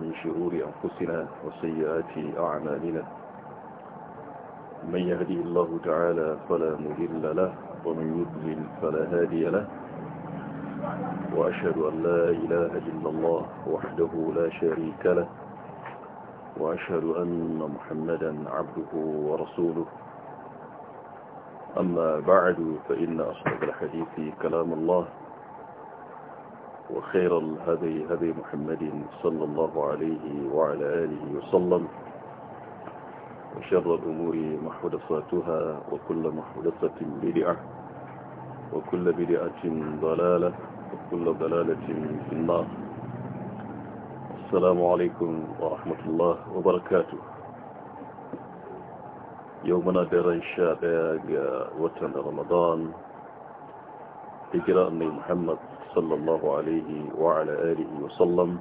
من شرور أنفسنا وسيئات أعمالنا من يهدي الله تعالى فلا مذل له ومن يذل فلا هادي له وأشهد أن لا إله إلا الله وحده لا شريك له وأشهد أن محمدا عبده ورسوله أما بعد فإن أصدق الحديث كلام الله وخير الهدي هدي محمد صلى الله عليه وعلى آله وسلم وشر الأمور محدثاتها وكل محدثة بدعة وكل بدعة ضلالة وكل ضلالة في النار السلام عليكم ورحمة الله وبركاته يومنا درن شابق وتن رمضان هجراء محمد صلى الله عليه وعلى آله وسلم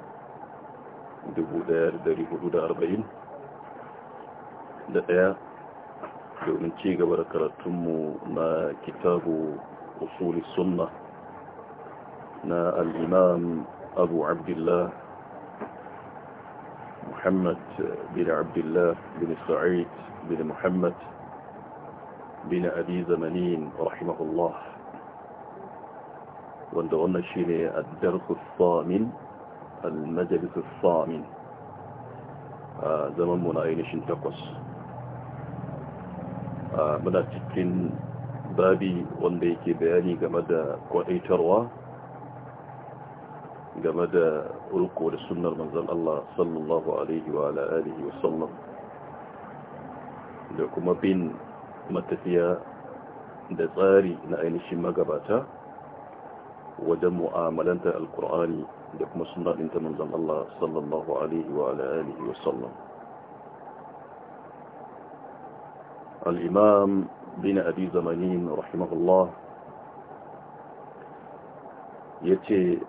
دار داري حدود أربعين دقيا domin ci gaba da ما كتاب أصول السنة نا الإمام أبو عبد الله محمد بن عبد الله بن سعيد بن محمد بن أبي زمنين رحمه الله wanda wannan shi ne a darkus samin al samin a zaman muna ainihin takwas muna cikin babi wanda yake bayani game da kwadaitarwa game da ulko da sunnar manzan Allah sallallahu alaihi wa alihi wa sallam da kuma bin matafiya da tsari na ainihin magabata wajen mu'amalanta alkur'ani da kuma suna ɗinta manzan Allah sallallahu alaihi wa alaihi wa sallam al'imam bin abi zamanin rahimahullah ya ce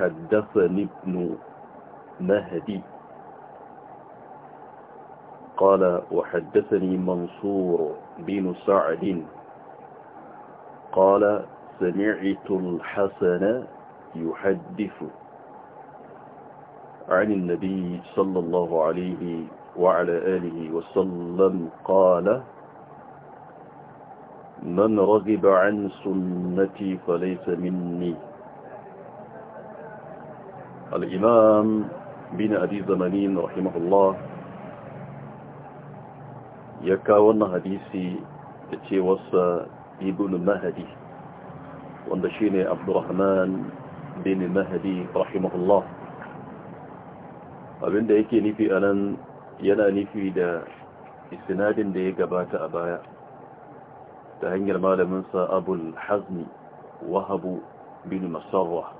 haddasa nibnu مهدي قال وحدثني منصور بن سعد قال سمعت الحسن يحدث عن النبي صلى الله عليه وعلى آله وسلم قال من رغب عن سنتي فليس مني الإمام بن أبي زمانين رحمه الله يكاون حديثي تشيوس ابن مهدي wanda shi ne abdurrahman bin mahadi rahimahullah abinda yake nufi a nan yana nufi da isinadin da ya gabata a baya ta hanyar malaminsa abul hazmi wahabu bin masarwa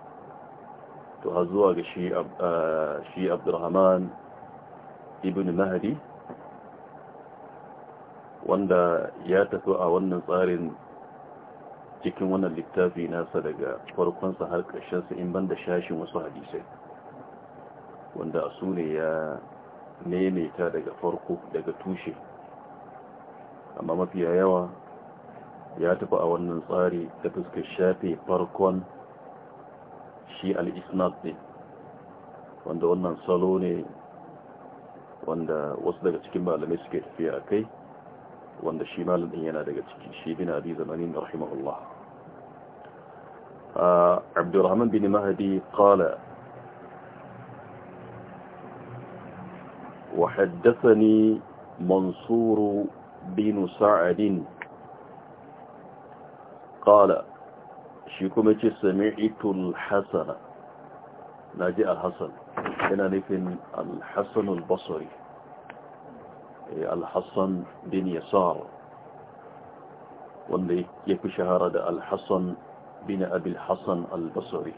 to ha zuwa ga shi uh, abdurrahman ibn mahadi wanda ya tafi a wannan tsarin cikin wannan littafi nasa daga farkonsa har ƙarshensa in ban da shashin wasu hadisai wanda su ne ya ta daga farko daga tushe amma mafiya yawa ya tafi a wannan tsari ta fuskar shafe farkon shi al-isnad ne wanda wannan salo ne wanda wasu daga cikin malamai suke tafiya a kai wanda shi malamin yana daga ciki shi bin abi zamanin rahimahullah آه، عبد الرحمن بن مهدي قال وحدثني منصور بن سعد قال شيكم سمعت الحسن ناجي الحسن هنا نفن الحسن البصري إيه، الحسن بن يسار واللي يكو شهر الحسن bin abil hassan al-basari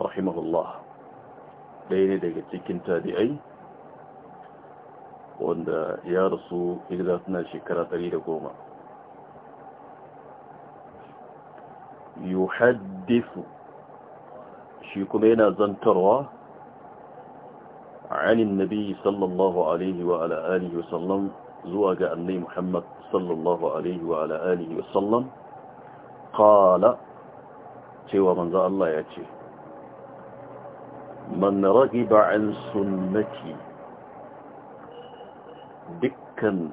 rahimahullah ɗaya daga cikin tabi'ai wanda ya rasu hijira suna shekara 110 yuhaddisu shi kuma yana zantarwa عن النبي صلى الله عليه وعلى آله وسلم زواج أني محمد صلى الله عليه وعلى آله qala cewa manzo Allah ya ce man ragiba an sunnati dukkan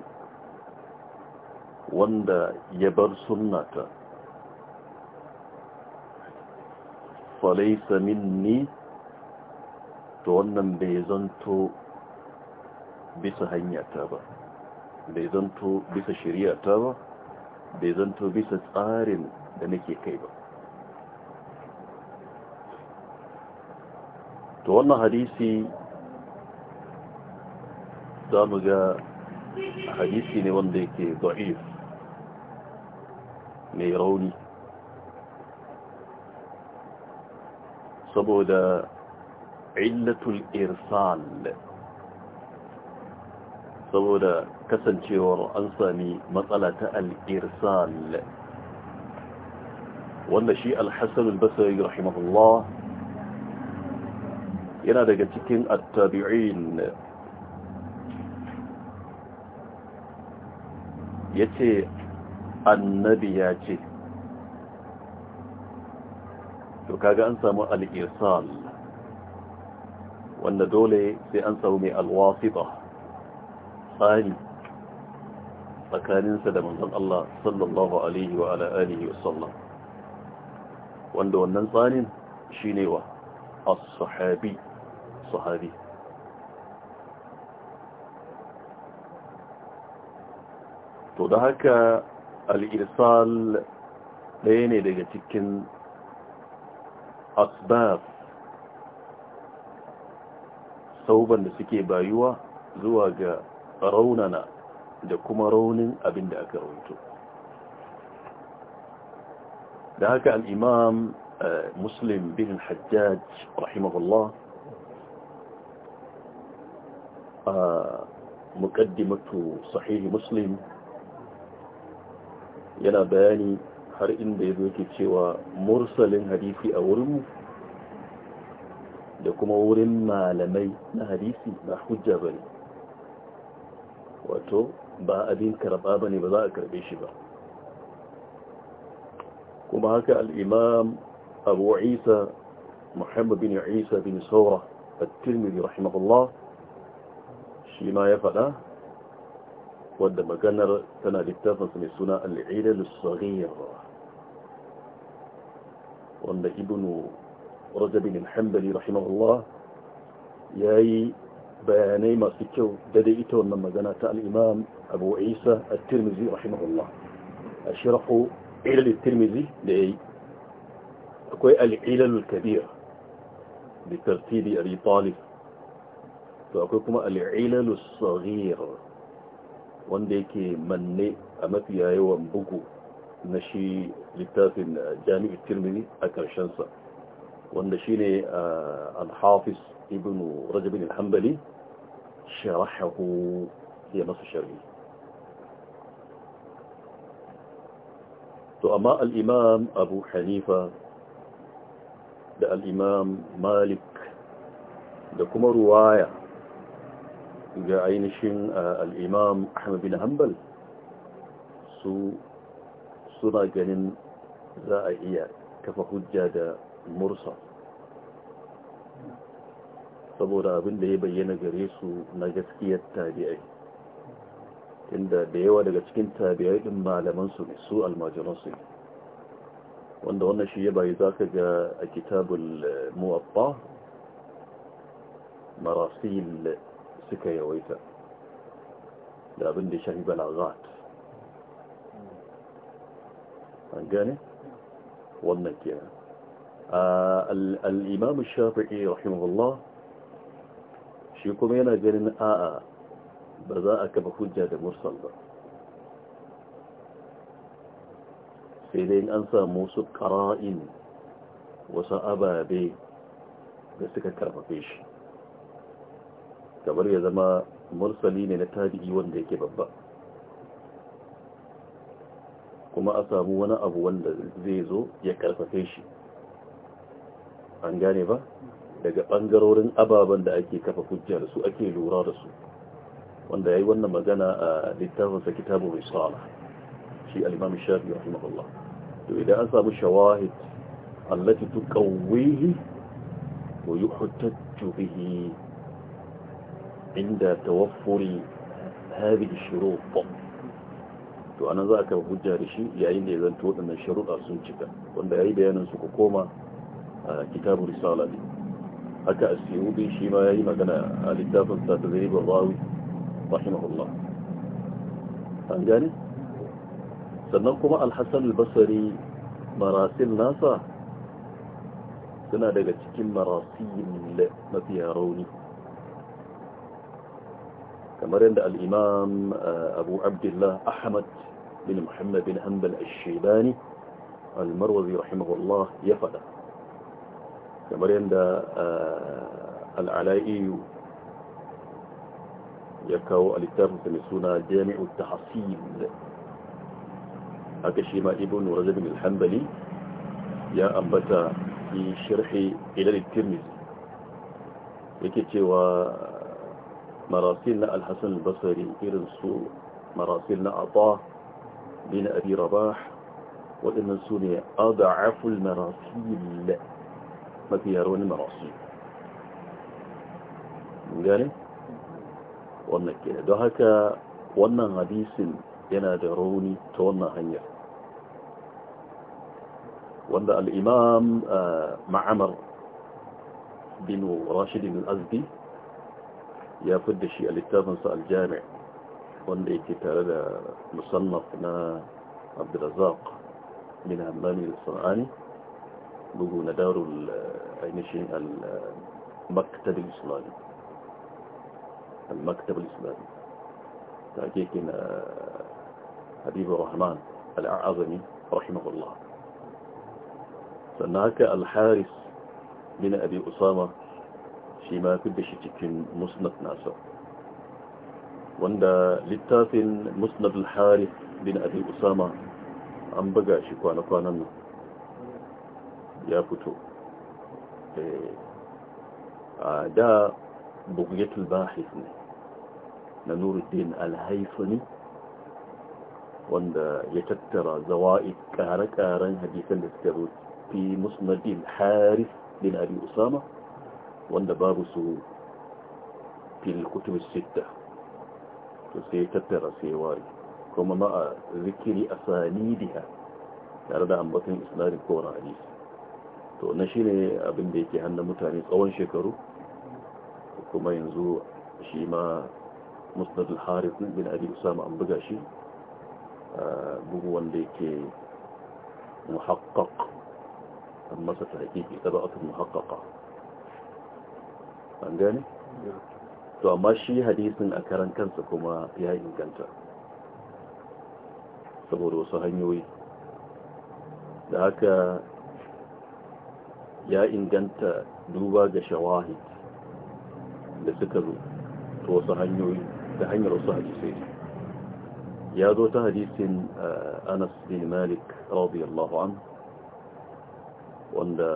wanda ya bar sunnata falaisa minni to wannan bai zanto bisa hanyata ba bai zanto bisa shari'ata ba bai zanto bisa tsarin da nake kai ba to wannan hadisi za mu ga hadisi ne wanda yake da'if mai rauni saboda illatul irsal saboda kasancewar an sami matsala ta al-irsal wanda shi alhassan albasari rahimahullah yana daga cikin attabi'in ya ce annabi ya ce to kaga an samu al'irsal wanda dole sai an samu mai alwasita tsari tsakaninsa da manzon Allah sallallahu alaihi wa ala wa sallam wanda wannan tsanin shi ne wa as-sahabi sahabi to da haka al-irsal ɗaya ne daga cikin asbab sauban da suke bayuwa zuwa ga raunana da kuma raunin abin da aka raunto da haka al'imam eh, muslim bin hajjaj rahimahullah a eh, muƙaddimatu sahihi muslim yana bayani har inda ya yake cewa mursalin hadisi a wurin da kuma wurin malamai na hadisi na hujja wato ba abin karɓa ba ne ba za a karɓe shi ba كما هكا الإمام أبو عيسى محمد بن عيسى بن سورة الترمذي رحمه الله شيما يفعله wadda maganar tana littafinsa mai suna al'ilal sariyar wanda ibnu rajabin alhambali rahimahullah ya yi bayanai masu kyau dada ita wannan magana ta al'imam abu isa a tirmizi rahimahullah a shirahu ilal tirmizi da yayi akwai al-ilal kabir tartibi a talib to akwai kuma al-ilal wanda yake manne a mafiya yawan bugu na shi littafin jami'ar tirmidhi a ƙarshensa wanda shi ne alhafis ibn rajabin alhambali sharahahu ya masu shari'a. to amma al'imam abu hanifa da al'imam malik da kuma ruwaya ga ainihin al'imam ahmad bin hanbal su suna ganin za a iya kafa hujja da mursa saboda abin da ya bayyana gare su na gaskiyar tabi'ai inda da yawa daga cikin tabi'ai malaman su su almajiran su wanda wannan shi ya bayi zaka ga a kitabul muwatta marasil suka yawaita da abin da shahi balagat an gane wannan kenan al-imam shafi'i rahimahullah shi kuma yana ganin a'a ba za a kafa hujja da mursal ba sai dai an samu su ƙara'in wasu ababe da suka karfafe shi kamar ya zama mursali ne na tarihi wanda yake babba kuma a samu wani abu wanda zai zo ya karfafe shi an gane ba daga ɓangarorin ababen da ake kafa hujja da su ake lura da su wanda ya yi wannan magana a littafinsa kitabun risala shi al'imam shafi rahimahullah to idan an samu shawahid allati tuqawwihi wa yuhtajju bihi inda tawaffuri hadhihi shurut to anan za ka hujja da shi yayin da zan to wadannan shuruda sun cika wanda yayi bayanin su ku koma a kitabun risala haka asyubi shi ma yayi magana a littafin sa ta zaribar rawi رحمه الله an gane sannan kuma alhassan basari marasil nasa suna daga cikin marasil mafiya rauni kamar yadda al'imam abu abdullah ahmad bin muhammad bin hanbal al-shaibani al-marwazi rahimahullah ya fada kamar yadda al'ala'iyu يكاو الكتاب تنسونا جامع التحصيل أكشيما ابن رجب الحنبلي يا أنبتا في شرح إلى الترمذي يكتشي و مراسلنا الحسن البصري إرنسو مراسلنا أطاة بن أبي رباح وإن سوني أضعف المراسيل ما في يرون المراسيل مجالي wannan kenan don haka wannan hadisin yana da rauni ta wannan hanyar wanda al'imam ma'amar bin rashidin al'azbi ya fidda shi a littafinsa aljami wanda yake tare da musannaf na abdulazak min hamani sana'ani bugu na darul ainihin al-maktabin islami المكتب الإسلامي تأتيك حبيب الرحمن الأعظم رحمه الله سناك الحارس بن أبي أسامة فيما كنت شتك مسند ناصر وندا لتافن مسند الحارث بن أبي أسامة أم بقى شكوانا قانا يا فتو إيه. آه، دا بغية الباحث na nuruddin alhaifani wanda ya tattara zawa'i ƙare-ƙaren hadisan da suka rufi musnadin Haris, bin abi usama wanda babu su fil kutub to sai tattara sai wari kuma ma a zikiri a sanidiha tare da ambaton isnadin kowane hadis to na shi ne abin da yake hannun mutane tsawon shekaru kuma yanzu shi ma musnad al-harith bin abi usama an buga shi uh, bugu wanda yake muhaqqaq amma sa ta hakiki tabaatu muhaqaqa an gane to amma shi hadisin a karan kansa kuma ya inganta saboda wasu hanyoyi da haka ya inganta duba ga shawahid da suka zo -To wasu hanyoyi ta hanyar wasu hadisai ya zo ta hadisin anas bin malik radiyallahu an wanda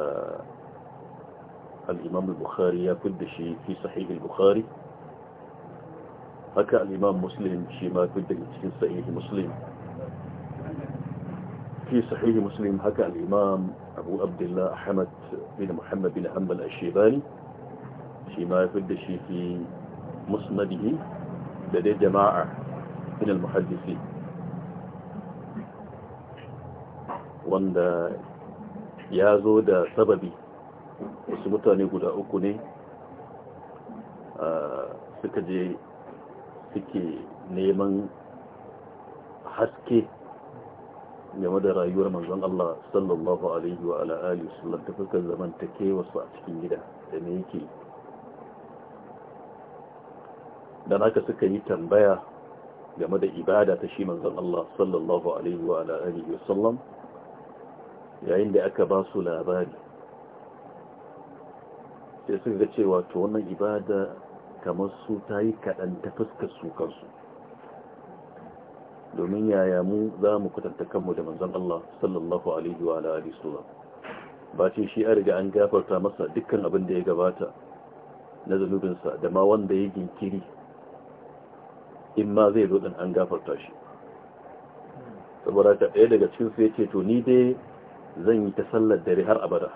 al'imam al-bukhari ya kudda shi fi sahih al-bukhari haka al'imam muslim shi ma kudda cikin sahih muslim في صحيح مسلم حكى الإمام أبو عبد الله أحمد بن محمد بن حنبل الشيباني فيما يفد شيء في مسنده da dai jama'a min muhaddisi wanda ya zo da sababi wasu mutane guda uku ne suka je suke neman haske game da rayuwar manzon Allah sallallahu alaihi wa ala alihi wasallam ta fuskar zamantakewa wasu a cikin gida da ne yake dan haka suka yi tambaya game da ibada ta shi manzon Allah sallallahu alaihi wa wasallam yayin da aka ba su labari sai sun ga cewa to wannan ibada kamar su ta yi kaɗan ta fuskar su kansu domin yaya mu za mu kwatanta kanmu da manzon Allah sallallahu alaihi wa wasallam ba ce shi a riga an gafarta masa dukkan abin da ya gabata na zanubinsa da ma wanda ya ginkiri in ma zai zo din an gafarta shi saboda ka ɗaya daga cikin su ce to ni dai zan yi ta sallar dare har abada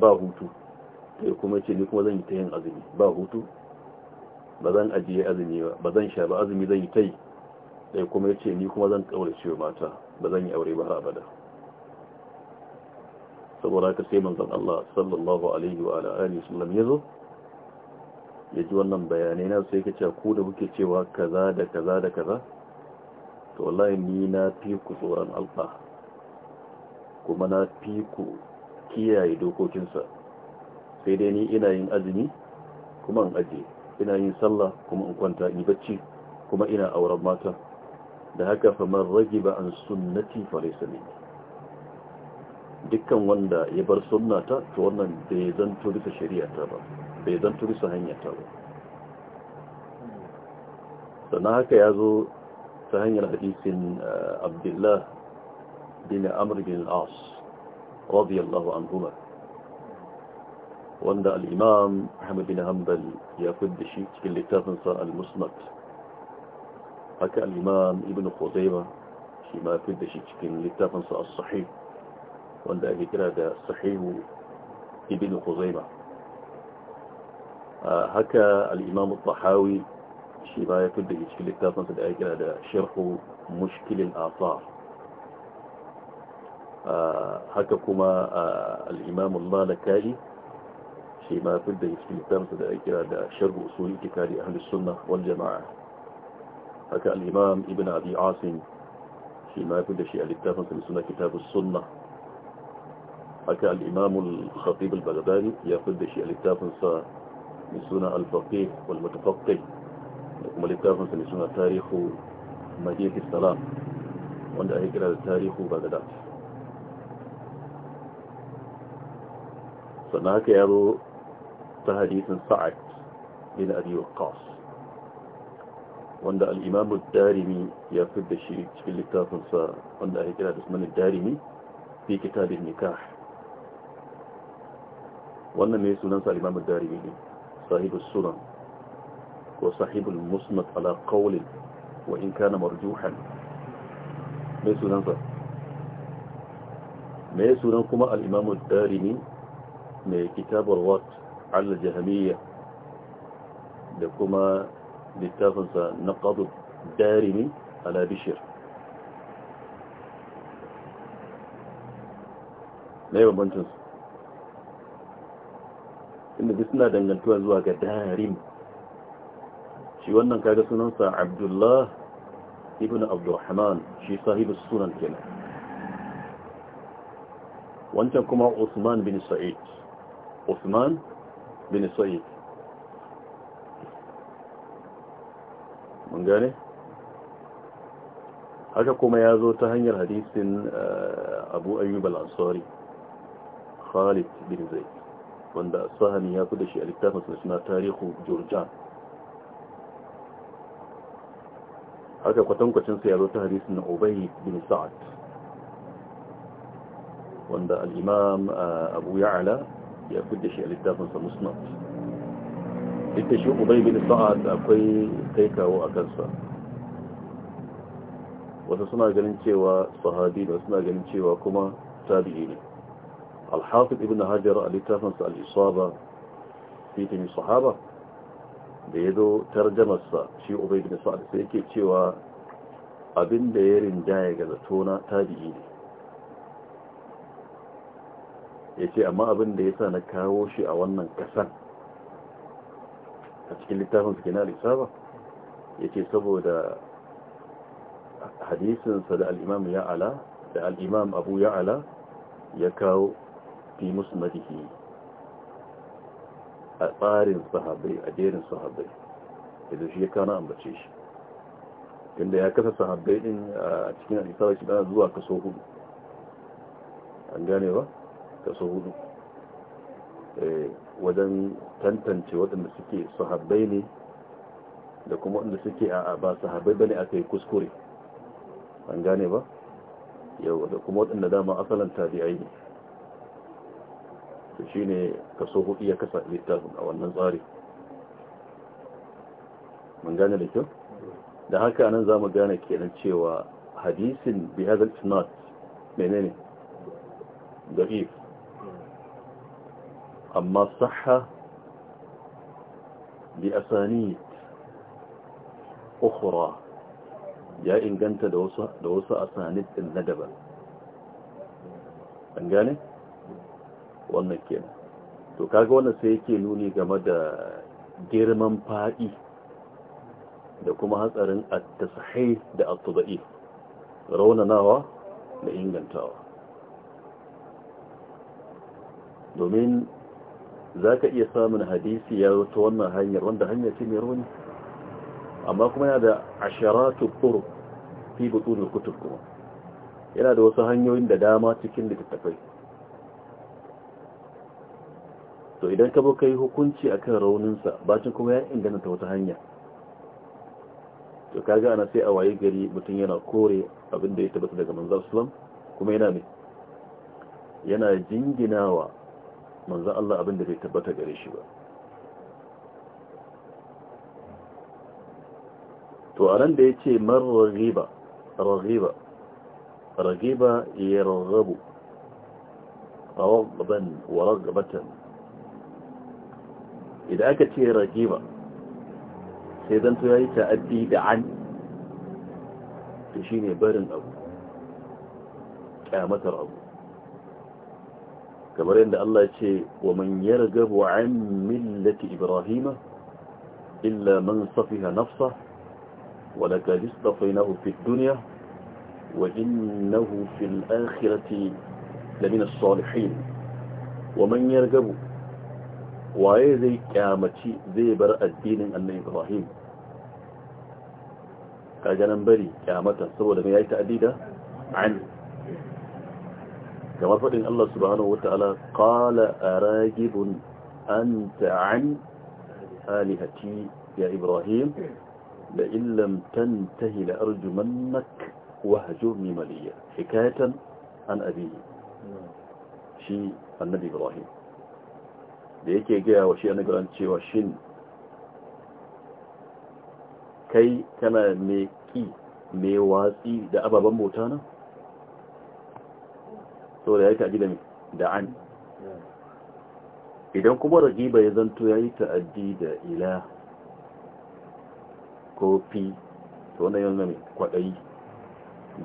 ba hutu ya kuma ce ni kuma zan yi ta yin azumi ba hutu ba zan ajiye azumi ba ba zan sha ba azumi zan yi ta yi ya kuma ce ni kuma zan kaurace mata ba zan yi aure ba har abada saboda ka sai manzon Allah sallallahu alaihi wa alihi wasallam yazo ya ji wannan bayanai na sai ka ce ku da kuke cewa kaza da kaza da kaza to wallahi ni na fi ku tsoron alfa kuma na fi ku kiyaye dokokinsa sai dai ni ina yin azumi kuma in aje ina yin sallah kuma in kwanta in bacci kuma ina auren mata da haka man ragiba an sunnati laysa minni dukkan wanda ya bar sunnata to wannan bai zanto bisa shari'a ta ba bai zan turi su hanyar ta ba sannan haka ya zo ta hanyar hadisin abdullah bin amr bin al'as radiyallahu an huma wanda al'imam ahmad bin hanbal ya kudda shi cikin littafinsa al-musnad haka al'imam ibn khuzaiba shi ma kudda shi cikin littafinsa al-sahih wanda ake kira da sahihu ibn khuzaiba هكا الإمام الطحاوي شراية كده في الكتاب نصد أجل هذا شرح مشكل الآثار حكى آه، كما آه، الإمام المالكالي شما تده في الكتاب نصد أجل هذا شرح أصول كتاب أهل السنة والجماعة هكا الإمام ابن أبي عاصم شما تده في الكتاب نصد السنة كتاب السنة هكا الإمام الخطيب البغداني يقول ده شيء الكتاب نصد نسونا الفقيه والمتفقه في سنسونا تاريخ مجيك السلام وانا هكرا التاريخ بغداد سناك يارو تهديث صعد من أبي وقاص وانا الإمام الدارمي يفد الشريك في الكتاب وانا هكرا اسمان الدارمي في كتاب النكاح وانا ميسونا سالي الإمام الدارمي لي صاحب السنن وصاحب المسند على قول وإن كان مرجوحا ما سنن ما سنن كما الإمام الدارمي من كتاب الروات على الجهمية لكما لتافنسا نقض الدارمي على بشر ما يبنجنسا inda duk suna dangantuwa zuwa ga darim shi wannan kaga sunansa abdullah ibn abdurrahman shi sahibi sunan kenan wancan kuma usman bin sa'id usman bin sa'id mun gane haka kuma ya zo ta hanyar hadisin abu ayyub al-ansari khalid bin zaid wanda asahani ya fi da shi a littafin suna tarihu jorjan haka kwatankwacinsa ya zo ta harisun na obayi bin sa'ad wanda al'imam uh, abu ya'ala ya fi da shi a littafin sa musnad ita shi obayi bin sa'ad akwai kai kawo a kansa wasu suna ganin cewa sahabi da suna ganin cewa kuma tabi'i ne alhafiz ibn hajar a littafinsa al'isaba fitin sahaba da ya zo tarjamarsa shi ubai bin sa'ad sai yake cewa abin da ya rinjaye ga zatona tabi'i ne ya ce amma abin da ya sa na kawo shi a wannan kasan a cikin littafinsa ke na al'isaba ya ce saboda hadisinsa da al'imam ya'ala da al'imam abu ya'ala ya kawo fi musnadihi a tsarin sahabai, a jerin sahabai. idan shi ya kana ambace shi inda ya kasa sahabai din a cikin alisawa shi dana zuwa kaso hudu an gane ba kaso hudu eh, wajen tantance waɗanda suke sahabai ne da kuma waɗanda suke a ba sahabai bane aka yi kuskure an gane ba yau da kuma waɗanda dama asalin tabi'ai ne to shi ne kaso hudu ya kasa littafin a wannan tsari mun gane da kyau da haka nan za mu gane kenan cewa hadisin bihazal isnad menene da'if amma saha bi asanid ukura ya inganta da wasu da asanid din na daban an gane wannan kenan to kaga wannan sai yake nuni game da girman faɗi da kuma hatsarin at-tasahih da at-tada'if raunanawa da ingantawa domin za ka iya samun hadisi ya ta wannan hanyar wanda hanyar ce mai rauni amma kuma yana da asharatu turu fi butun kutub kuma yana da wasu hanyoyin da dama cikin littattafai to idan ka baka yi hukunci akan rauninsa bacin kuma ya inganta ta wata hanya to kaga ana sai a waye gari mutum yana kore abin da ya tabbata daga manzan sulam kuma yana ne yana jinginawa manzan Allah abinda bai tabbata gare shi ba to a ran da ya ce man ragiba ragiba ragiba ya ragabu a ban wa ragabatan idan aka ce ragiba sai zan to ya yi ta'addi da an to shi ne barin abu ƙyamatar abu kamar yadda Allah ce wa man yargabu an millati ibrahima illa man safiha nafsa wa laqad istafaynahu fid dunya wa innahu fil akhirati lamina as-salihin wa man yargabu waye zai kyamaci zai bar addinin annabi ibrahim kaga nan bari kyamata saboda mai yayi ta'addida an kamar fadin Allah subhanahu wataala qala aragibun anta an alihati ya ibrahim la in lam tantahi la arjumannak wahjurni maliya hikayatan an abi shi annabi ibrahim da yake gaya wa shi ran cewa shin kai kana mai ki mai watsi da ababen mota nan so da ya yi ta'adi da an idan kuma ragiba ya zanto ya yi ta'addi da ila ko fi to wannan yana mai kwaɗayi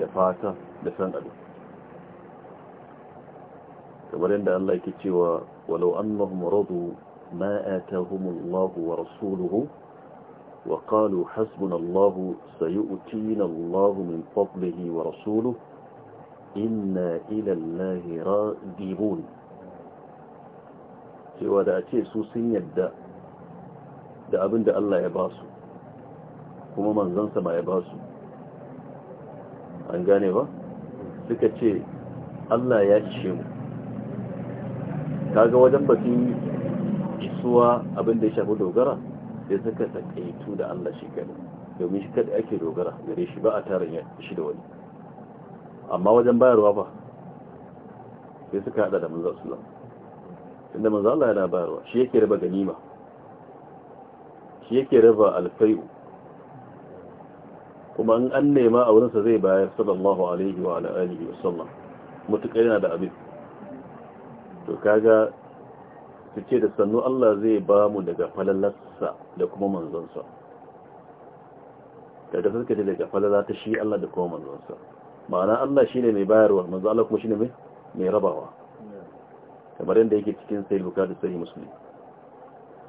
da fata da san abu kamar yadda Allah yake cewa ولو أنهم رضوا ما آتاهم الله ورسوله وقالوا حسبنا الله سيؤتينا الله من فضله ورسوله إنا إلى الله راجبون cewa da a ce su sun yadda da abin da Allah ya ba kuma manzansa ma ya basu an gane ba suka ce Allah ya ce mu kaga wajen batun isuwa abin da ya shafi dogara sai suka takaitu da Allah shi kadai domin shi kadai ake dogara gare shi ba a tarin shi da wani amma wajen bayarwa fa sai suka hada da manzo su alaihi inda manzo Allah yana bayarwa shi yake raba ganima shi yake raba alfai'u kuma an nema a wurinsa zai bayar sallallahu alaihi wa alihi wa sallam mutukar yana da abin to kaga su ce da sannu Allah zai ba mu daga falalarsa da kuma manzonsa daga suka ce daga falala ta shi Allah da kuma manzonsa ma'ana Allah shine mai bayarwa manzo Allah kuma shine mai mai rabawa kamar yadda yake cikin sai buka da sai musulmi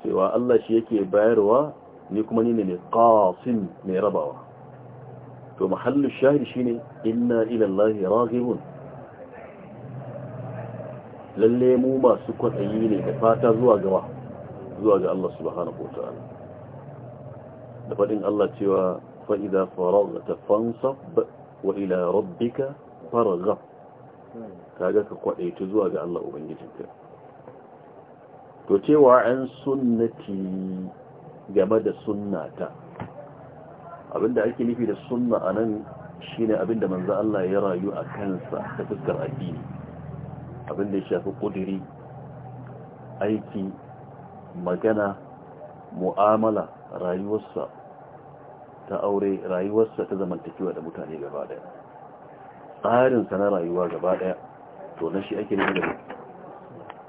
cewa Allah shi yake bayarwa ni kuma ni ne mai qasim mai rabawa to mahallu shahid shine inna ila Allah raghibun lalle mu masu kwaɗayi ne da fata zuwa gawa zuwa ga Allah subhanahu wata'ala da faɗin Allah cewa fa'ida ta fansa wa ila rabbika ta kaga ka kwaɗaitu zuwa ga Allah ka to cewa an sunnati game da sunnata abinda ake nufi da sunna anan shine abinda manzo Allah ya rayu a kansa ta fuskar addini abinda ya shafi ƙudiri aiki magana mu'amala rayuwarsa ta aure rayuwarsa ta zamantakewa da mutane gaba daya tsarinsa na rayuwa gaba daya to na shi ake nuna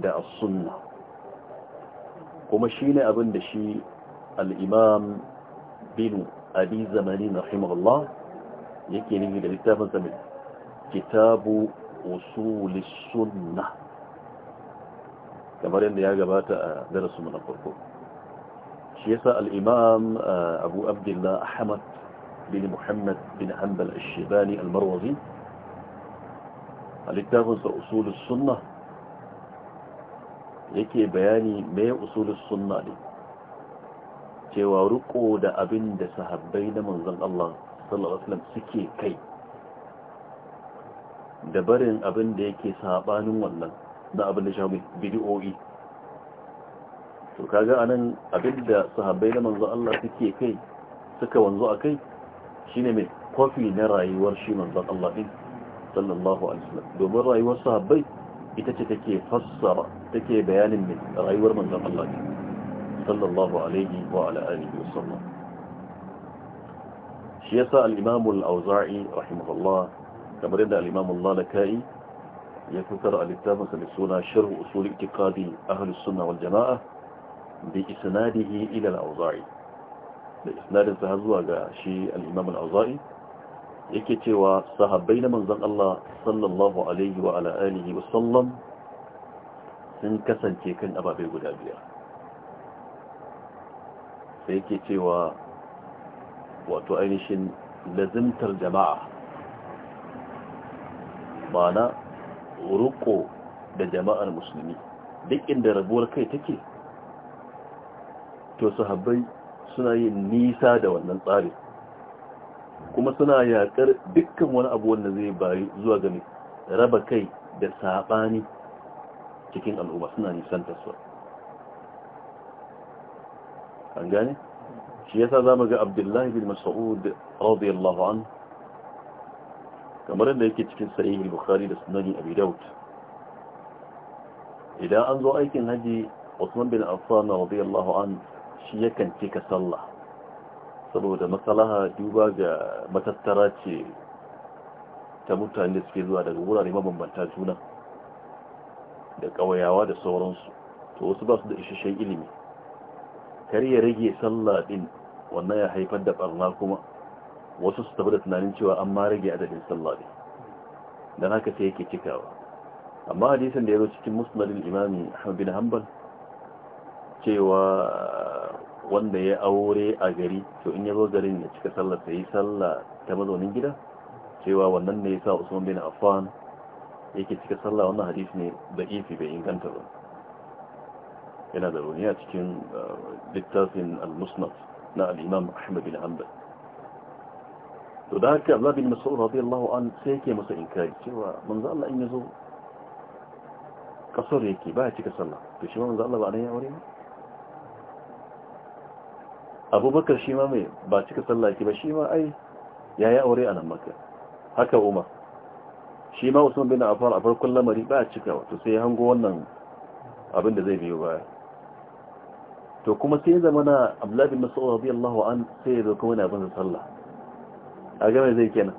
da as-sunna kuma shine abin da shi al-imam bin abi zamani rahimahullah yake nufi da littafin sa kitabu usuli sunna kamar yadda ya gabata a darasu na farko shi yasa al-imam uh, abu abdullah ahmad bin muhammad bin hanbal ash-shibani al-marwazi a littafinsa usulul sunna yake bayani me usulul sunna ne cewa riko da abin da sahabbai na manzon Allah sallallahu alaihi wasallam suke kai da barin abin da yake sabanin wannan na abin da shafi bidiyoyi to kaga anan abin da sahabbai da manzo Allah suke kai suka wanzu a kai Shi ne mai kofi na rayuwar shi manzon Allah din sallallahu alaihi wasallam domin rayuwar sahabbai ita ce take fassara take bayanin mai rayuwar manzon Allah din sallallahu alaihi wa ala alihi wasallam shi yasa al-imam al-auza'i rahimahullah kamar yadda al'imamun lalaka'i ya fitar a littafinsa mai suna sharhu usul itikadi ahlus sunna wal da bi isnadihi ila auzai da isnadin sa zuwa ga shi al auzai yake cewa sahabbai na manzon Allah sallallahu alaihi wa ala wa sallam sun kasance kan ababai guda biyar sai yake cewa wato ainihin lazimtar jama'a ma'ana ruko da jama'ar musulmi duk inda rabuwar kai take to sahabbai suna yin nisa da wannan tsari kuma suna yakar dukkan wani abu wanda zai bayi zuwa gani raba kai da saɓani cikin al'umma suna nisan su an gane shi yasa zamu ga abdullahi bin mas'ud radiyallahu anhu kamar da yake cikin sahihi bukhari da sunani abi daud idan an zo aikin haji Usman bin Affan radiyallahu an shi yakan ce ka sallah saboda masalaha duba ga matattara ce ta mutane da suke zuwa daga wurare mabambanta juna da ƙawayawa da sauransu to wasu ba su da isasshen ilimi kar ya rage sallah din wannan ya haifar da barna kuma wasu su tabi da tunanin cewa an ma rage adadin sallah ne don haka sai yake cikawa amma hadisin da ya zo cikin musnadin imami ahmad bin hanbal cewa uh, wanda ya aure a gari to in ya zo garin ya cika sallah sai yi sallah ta mazaunin gida cewa wannan ne ya sa usman bin affan yake cika sallah wannan hadisi ne da ifi bai inganta ba yana da runiya cikin uh, littafin al-musnad na al-imam ahmad bin hanbal to da haka Allah bin Mas'ud radiyallahu an sai yake masa inkari cewa manzo Allah in yazo kasar yake ba ya cika sallah to shi manzo Allah ba dan ya aure ne Abubakar shi ma mai ba cika sallah yake ba shi ma ai ya yi aure a nan maka haka Umar shi ma Usman bin Affan a farkon lamari ba ya cika to sai ya hango wannan abin da zai biyo baya to kuma sai zama na Abdullah bin Mas'ud radiyallahu an sai ya zo kuma yana bin sallah a game zai kenan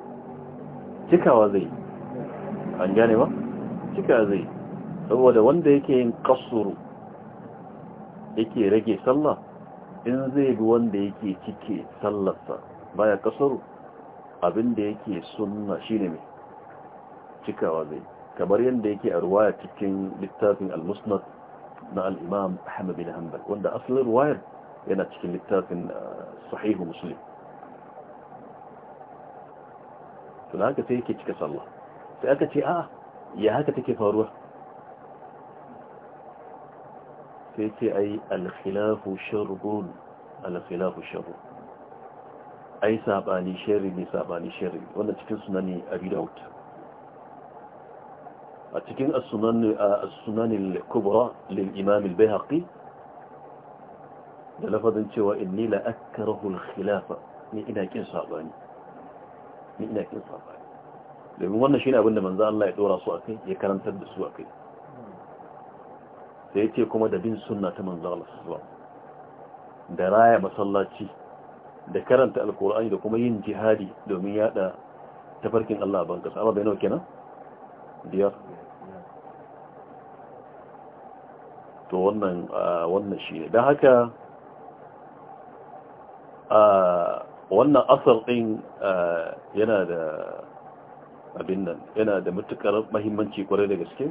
cikawa zai an gane ba cika zai saboda wanda yake yin kasuru yake rage sallah in zai bi wanda yake cike sallarsa baya kasuru abinda yake sunna shine mai cikawa zai kamar yadda yake a ruwaya cikin littafin al-musnad na al-imam Ahmad bin Hanbal wanda asalin ruwayar yana cikin littafin ah, sahihu muslim to da haka sai yake cika sallah sai aka ce a'a ya haka take faruwa sai ce ai al alkhilafu sharrun al-khilafu sharrun ai sabani sharri ne sabani sharri wanda cikin sunani abi daud a cikin as-sunan as-sunan al-kubra lil imam al-bayhaqi da lafazin cewa inni la akrahu al-khilafa ni ina kin sabani ni ina kin sabani domin wannan da manzo Allah ya dora su kai ya karantar da su akai sai yace kuma da bin sunna ta manzo Allah sallallahu alaihi da raya masallaci da karanta alkur'ani da kuma yin jihadi domin yada tafarkin Allah a kasa amma bai nawa kenan biyar to wannan ah, wannan shi ne don haka ah, wannan asar ɗin eh, yana da abin nan yana da matukar mahimmanci kwarai da gaske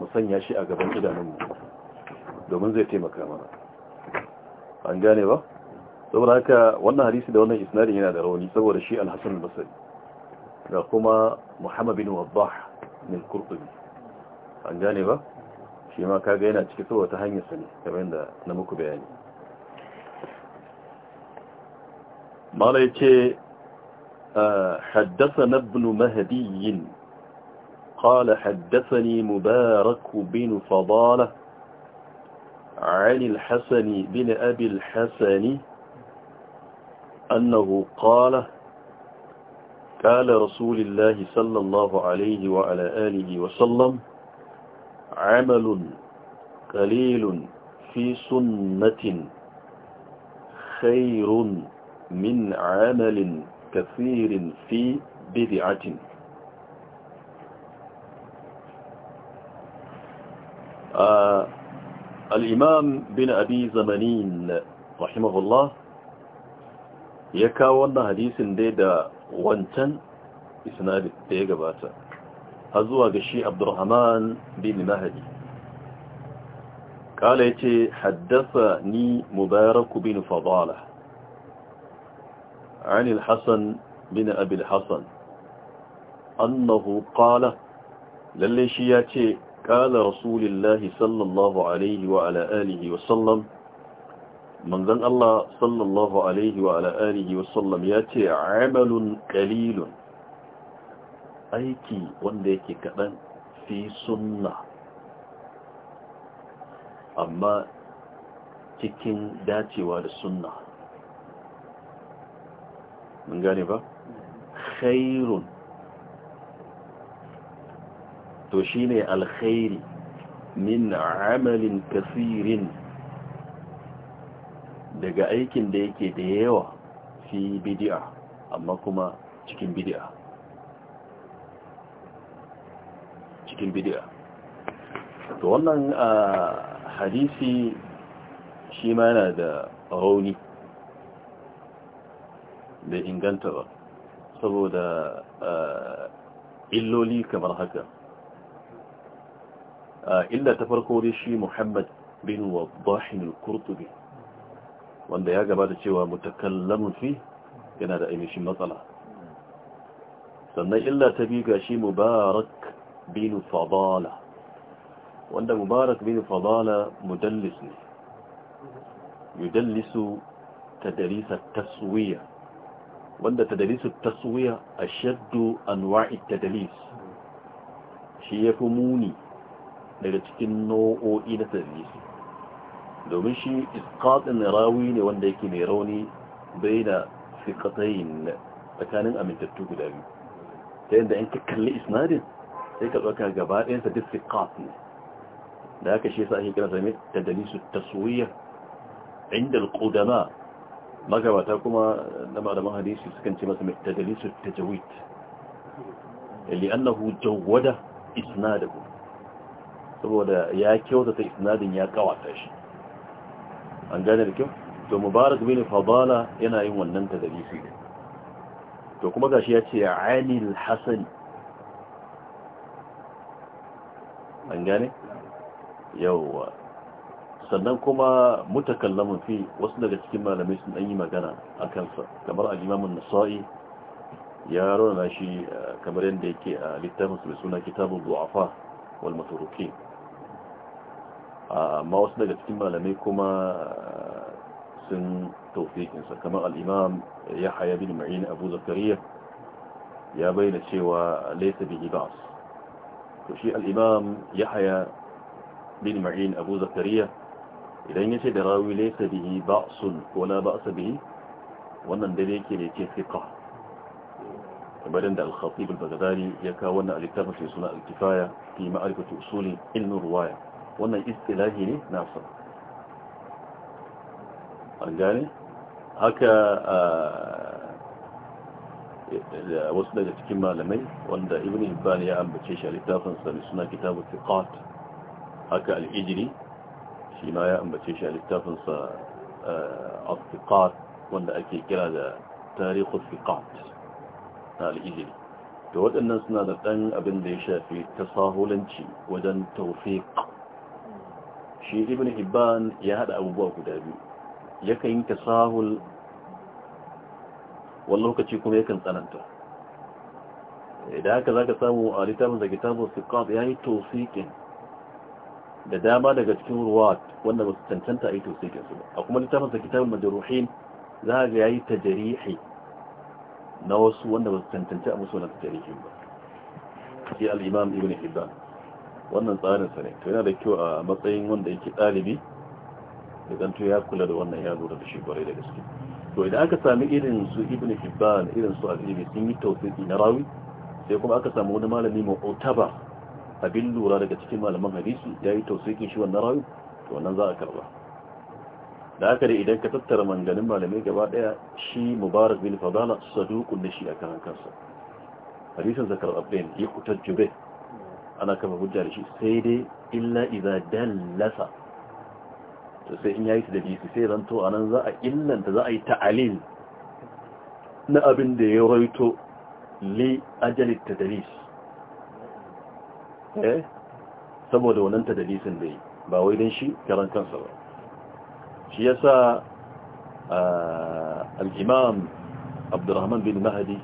mu sanya shi a gaban idanunmu domin zai taimaka mana an gane ba saboda haka wannan hadisi da wannan isnadin yana da rauni saboda shi Alhassan hasan al da kuma muhammad bin wabbah ne. kurkuri an gane ba shi ma kaga yana ciki saboda ta hanyar sani kamar yadda na muku bayani ما آه، حدثنا ابن مهدي قال حدثني مبارك بن فضالة عن الحسن بن أبي الحسن أنه قال قال رسول الله صلى الله عليه وعلى آله وسلم عمل قليل في سنة خير من عمل كثير في بدعة آه الإمام بن أبي زمنين رحمه الله يكاونا حديث ديدا وانتن إسناد ديغا باتا هزوا قشي عبد الرحمن بن مهدي قال يتي حدثني مبارك بن فضاله عن الحسن بن أبي الحسن أنه قال للشياتي قال رسول الله صلى الله عليه وعلى آله وسلم من ذن الله صلى الله عليه وعلى آله وسلم ياتي عمل قليل aiki wanda yake kaɗan fi sunna amma cikin dacewa da sunna mun gane ba khairun to shine alkhairi min amalin kasirin daga aikin da yake da yawa fi bidi'a amma kuma cikin bidi'a cikin bidi'a to wannan ah, hadisi shi ma yana da rauni bai inganta ba saboda illoli kamar haka illa ta farko dai shi muhammad bin wadahin al-kurtubi wanda ya da cewa mutakallamu fi yana da ainihin matsala sannan illa ta biga shi mubarak bin fadala wanda mubarak bin fadala mudallis ne yudallisu tadrisa taswiya wanda tadalisu taswiya shaddu anwa'i tadalis shi yafi muni daga cikin nau'o'i na tadalisi domin shi isqatin rawi ne wanda yake mai rauni baina fiqatayn tsakanin amintattu guda biyu ta yadda in ka kalli isnadin sai ka tsaka gaba ɗayan sa duk da haka shi sa ake kira sa mai tadalisu taswiya inda al magabata kuma da malaman hadisi sukan ce masa tadalisu tajawid li'annahu jawwada isnadahu saboda ya kyautata isnadin ya kawata shi an gane da kyau to mubarak bin fadala yana yin wannan tadalisi to kuma gashi ya ce anil hasan an gane yawwa sannan kuma mutakallamin fi wasu daga cikin malamai sun ɗan magana a kansa kamar alimamin nasa'i ya rana shi eh, kamar yadda yake a littafinsu mai suna kitabun du'afa wal maturuki amma wasu daga cikin malamai kuma eh, sun taufikinsa kamar al'imam ya haya bin ma'in abu zakariya ya bayyana cewa laisa bin ibas to shi al'imam ya haya bin ma'in abu zakariya idan ya ce da rawi laisa bihi ba'sun ko la ba'sa bihi wannan dare yake ne yake fiqa kamar da al-khatib al-baghdadi ya kawo wannan al-kitabun fi sunan al-kifaya fi ma'rifati usuli ilmi ruwaya wannan istilahi ne na sa an gane haka wasu daga cikin malamai wanda ibn hibban ya ambace shi a littafin sa suna kitabun fiqat haka al-ijri shi ya ambace shi a littafinsa eh, a fiqat wanda ake kira da tarihu fiqat na al Da waɗannan suna da ɗan abin da ya shafi sahulanci wajen tawfiq shi ibn hibban ya haɗa abubuwa guda biyu yakan yi sahul wani lokaci kuma yakan tsananta idan haka za ka samu a littafin da kitabun fiqat ya yi tawfiqin da dama daga cikin ruwat wanda ba su cancanta a yi tausikin su a kuma littafinsa kitabin majaruhin za ga ya yi ta tajarihi na wasu wanda ba su cancanta a musu wani jarihin ba shi al'imam ibn hibban wannan tsarinsa ne to yana da kyau a matsayin wanda yake ɗalibi da zanto ya kula da wannan ya lura da shi kwarai da gaske to idan aka sami irin su ibn hibban irin su al'ibi sun yi tausiki na rawi sai kuma aka samu wani malami mai otaba abin lura daga cikin malaman hadisi ya yi tausikin shi wannan rawi to wannan za a karba da haka da idan ka tattara manganin malamai gaba daya shi mubarak bin fadala saduqun da shi a kan kansa hadisin zakar abdin ya kutar jube ana kafa hujja da shi sai dai illa idza dallasa to sai in yayi da bisi sai zanto anan za a illanta za a yi ta'alil na abin da ya rawaito li ajali tadris eh saboda wannan tadalisin da yi ba wai dan shi karan kansa ba shi yasa al-imam Abdurrahman bin Mahdi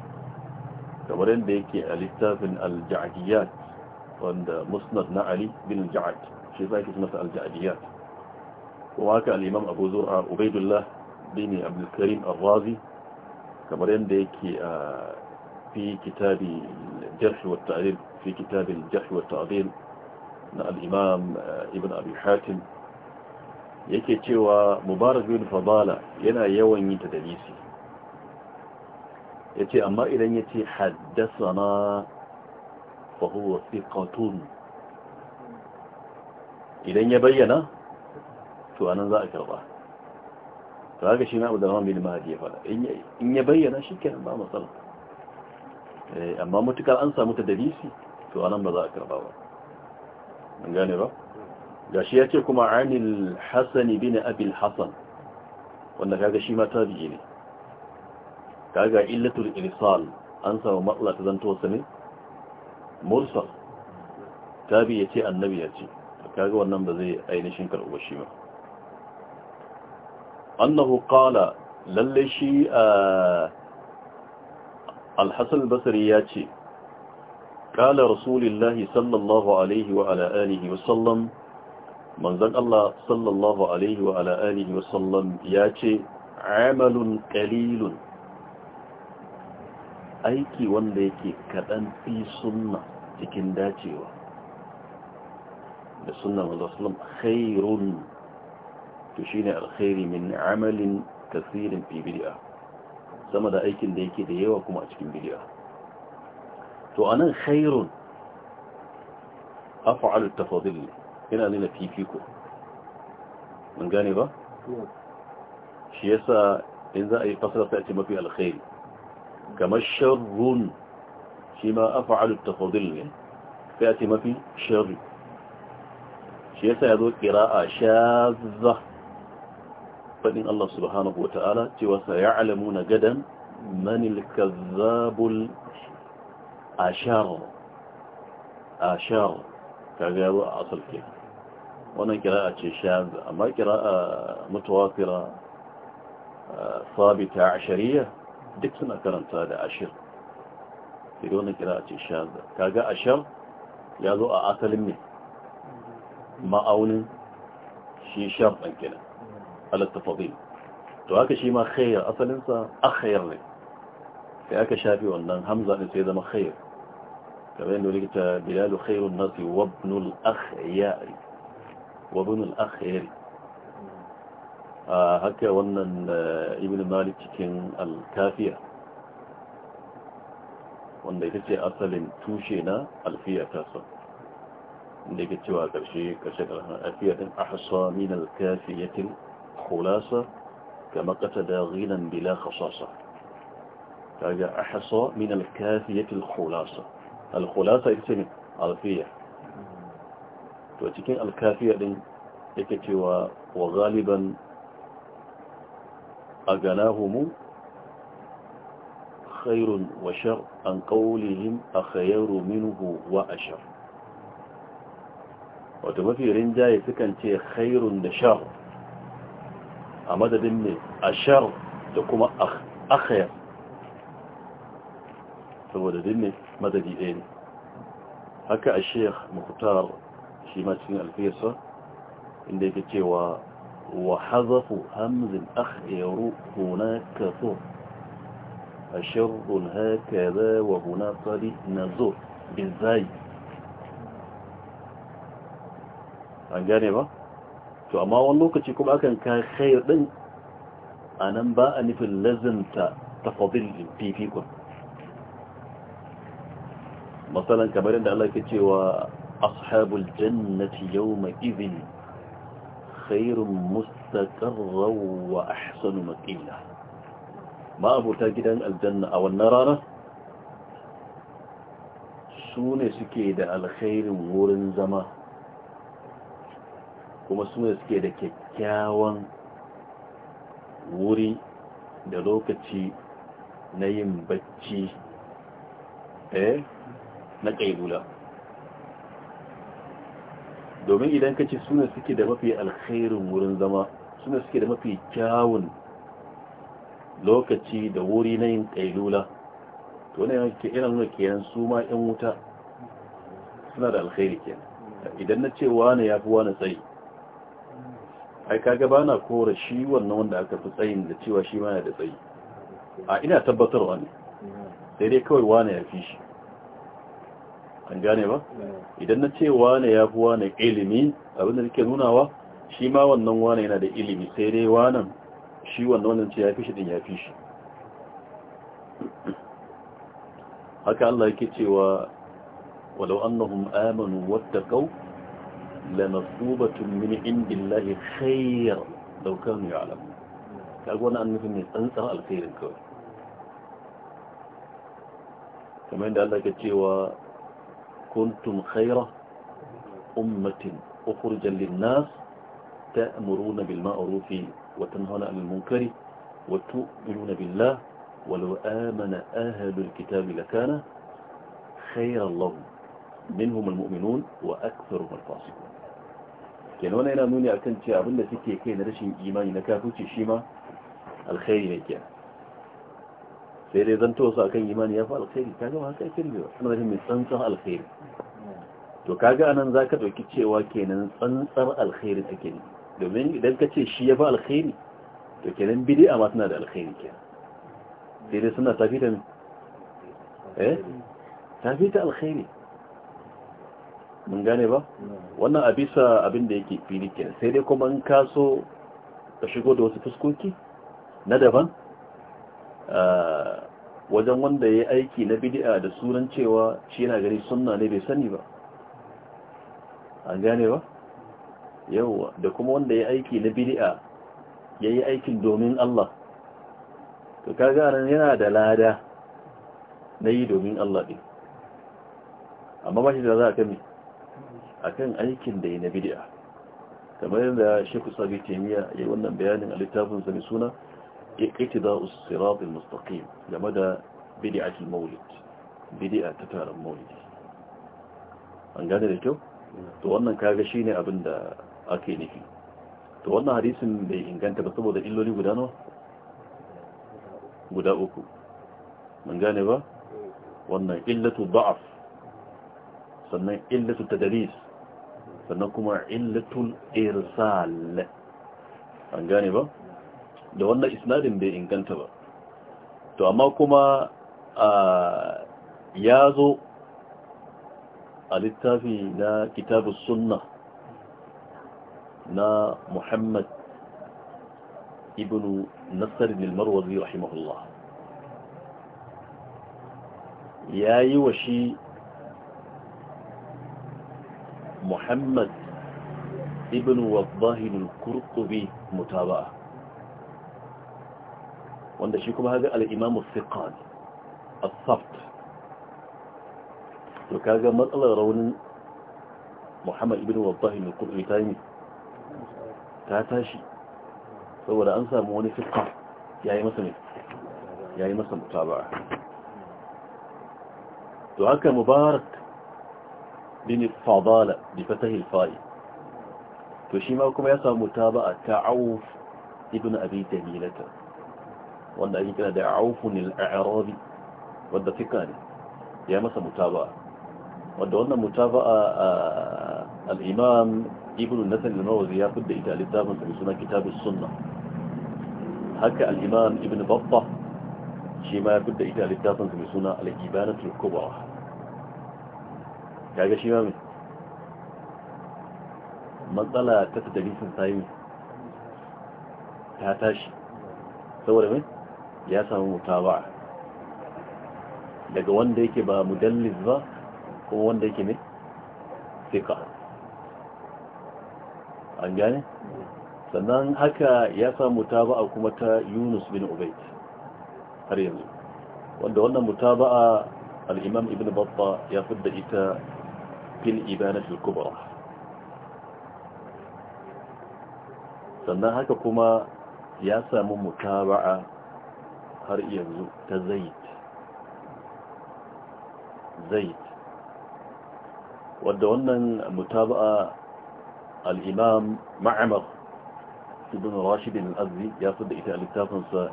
kamar yadda yake a littafin al-Ja'diyat wanda musnad na Ali bin Ja'd shi zaki masa al-Ja'diyat وهكا الإمام أبو زرعة عبيد الله بن عبد kamar yadda كما يندك في كتاب الجرح والتعديل في كتاب الجرح والتعديل الإمام ابن أبي حاتم yake cewa mubarak bin fadala yana yawan yin tadalisi yace amma idan yace haddathana fa huwa thiqatun idan ya bayyana to anan a karba to haka shi na Abdurrahman bin Mahdi ya fada in ya bayyana shikenan ba matsala Eh, amma mutukar an samu ta dalisi to anan ba za a karba ba an gane ba gashi ya ce kuma anil hasani bin abil hasan wanda kaga shi ma tabi'i ne kaga illatul irsal an samu matsala ta zanto sa ne mursal tabi yace ce annabi ya ce kaga wannan ba zai ainihin karɓa shi ba annahu qala lalle shi a eh, alhassan basari ya ce ƙala rasulillahi sallallahu alaihi wa ala'alihi wasallam manzan Allah sallallahu alaihi wa ala'alihi wasallam ya ce amalun ƙalilun aiki wanda yake kaɗan fi sunna cikin dacewa da sunna mazasalam khairun to shi ne alkhairi min amalin tasirin fi bid'a sama da aikin da yake da yawa kuma a cikin bidiya to a nan khairun afa'alu tafadil ina nuna fifiko mun gane ba shi yasa in za a yi fasara sai a ce mafi alkhairi kamar sharrun shi ma afa'alu tafadil ne sai a ce mafi sharri shi yasa ya zo kira'a shazza faɗin Allah subhanahu wa ta'ala cewa sa ya alamu na gadan manil kazzabul ashar ashar kaga yaro a asal ke wannan kira'a ce shaz amma kira'a mutawatira sabita ashariya duk suna karanta da ashir sai wannan kira'a ce shaz kaga ashar ya zo a asalin ne ma'aunin shi shar ɗan kenan على التفاضيل تو هكا شي ما خير اصلا انسى اخير لي في هكا شافي وانا همزة انسى اذا ما خير كمان لو لقيت بلال خير الناس وابن الاخياري وابن الاخياري آه، هكا وانا آه، ابن مالك كان الكافية وانا يتجي اصلا توشينا الفيئة كاسا لقيت شوها كرشي كشكرا الفيئة احصى من الكافية خلاصة كما قتد غينا بلا خصاصة هذا أحصى من الكافية الخلاصة الخلاصة اسم ألفية وتكين الكافية دين وغالبا أغناهم خير وشر أن قولهم أخير منه وأشر وتمفي رنجاية كانت خير وشر a madadin mai ashar da kuma akhayar saboda dinne madadi ɗaya ne haka a sheikh mukhtar shi ma cikin alfiyarsa inda yake cewa wa hazafu hamzin akhayar hunaka so ashirun haka za wa hunaka na zo bizai an gane ba to amma wani lokaci kuma akan kayan khair din a nan ba a nufin lazimta tafadil fifikun matsalan kamar yadda Allah ke cewa ashabul jannati yau idhin khairun mustaqarraw wa ahsanu maqila ma abota gidan aljanna a wannan rana su ne suke da alkhairin wurin zama kuma suna suke da kyakkyawan wuri da lokaci na yin bacci eh na ƙaibula domin idan ka ce suna suke da mafi alkhairin wurin zama suna suke da mafi kyawun lokaci da wuri na yin ƙailula to wani yana irin nuna kenan su ma 'yan wuta suna da alkhairi kenan idan na ce wani ya fi wani tsayi ai kaga bana kora shi wannan wanda aka fi tsayin da cewa shi ma yana da tsayi a ina tabbatarwa ne sai dai kawai wane ya fi shi an gane ba idan na ce wane ya fi wane ilimi abinda nake nunawa shi ma wannan wane yana da ilimi sai dai wani shi wannan wannan ce ya fi shi din ya fi shi haka Allah yake cewa walau annahum amanu wattaqau لمطلوبة من عند الله خير لو كانوا يعلمون كأقول أن نفهم أنسى الخير الكون كما عند الله كتشيوا كنتم خير أمة أخرجا للناس تأمرون بالمعروف وتنهون عن المنكر وتؤمنون بالله ولو آمن أهل الكتاب لكان خير الله منهم المؤمنون وأكثرهم الفاسقون kenan wannan yana nuni akan ce abinda suke kai na rashin imani na kafirci shi ma alkhairi ne kenan sai dai zanto su akan imani ya fi alkhairi kaga gama haka yake ne ba ana rashin mai tsantsan alkhairi to kaga anan ka ɗauki cewa kenan tsantsar alkhairi ta kiri domin idan ka ce shi ya fi alkhairi to kenan bid'a a suna da alkhairi kenan sai dai suna tafi eh tafi ta alkhairi mun gane ba wannan a bisa abin da yake fili ke sai dai kuma in ka so ka shigo da wasu fuskoki na daban eh, wajen wanda ya aiki na bidi'a da sunan cewa shi yana gari sunna ne bai sani ba an gane ba yawa da kuma wanda ya aiki na bidi'a ya yi aikin domin Allah to kaga nan yana da lada na yi domin Allah ɗin amma ba shi da za a kame akan aikin da ya na bid'a kamar yadda Sheikh Sabi Taymiya ya yi wannan bayanin a littafin sa mai suna Iqtida'us Sirat al-Mustaqim game da bid'atul Maulid bid'a ta taron Maulidi an gane da kyau to wannan kaga shine abin da ake nufi to wannan hadisin bai inganta ba saboda illoli guda nawa guda uku mun gane ba wannan illatu ba'af sannan illatu tadris sannan kuma illatul irsal an gane ba da wannan isnadin bai inganta ba to amma kuma ya zo a littafi na kitabu sunna na muhammad ibn nasar nilmarwazi rahimahullah ya yi wa shi محمد ابن وضاه الكرقبي متابعة وانا وندشيكم هذا الإمام الثقان الصفت وكاغا من الله رون محمد ابن وضاه الكرقبي تاني تاتاشي فورا أنسى موني ثقة يعني مثلا يعني مثلا متابعة دعاك مبارك بن فضالة بفتح الفاء تشيما كما يسا متابعة كعوف ابن أبي تهيلة وأن أجل كان دا عوف الأعرابي wadda fika ne ya masa mutaba'a wadda wannan mutaba'a al'imam ibn nasar al-mawazi ya fidda ita littafin mai suna kitabin sunna haka al'imam ibn babba shi ma ya fidda ita littafin mai suna al'ibanatul kubra gaga shi ma matsala ta sun sami ta tashi saboda mai ya samu ba daga wanda yake ba mudallis ba kuma wanda yake ne fika an gane sannan haka ya samu mutaba kuma ta yunus bin ubaid har yanzu wanda wannan mutaba al al’imam ibn babba ya fi da ita في الإبانة الكبرى سنهاك كما ياسا ممتابعة هرئي تزيت زيت ودونا متابعة الإمام معمر ابن راشد بن الأزي ياسد إتالي التافنسة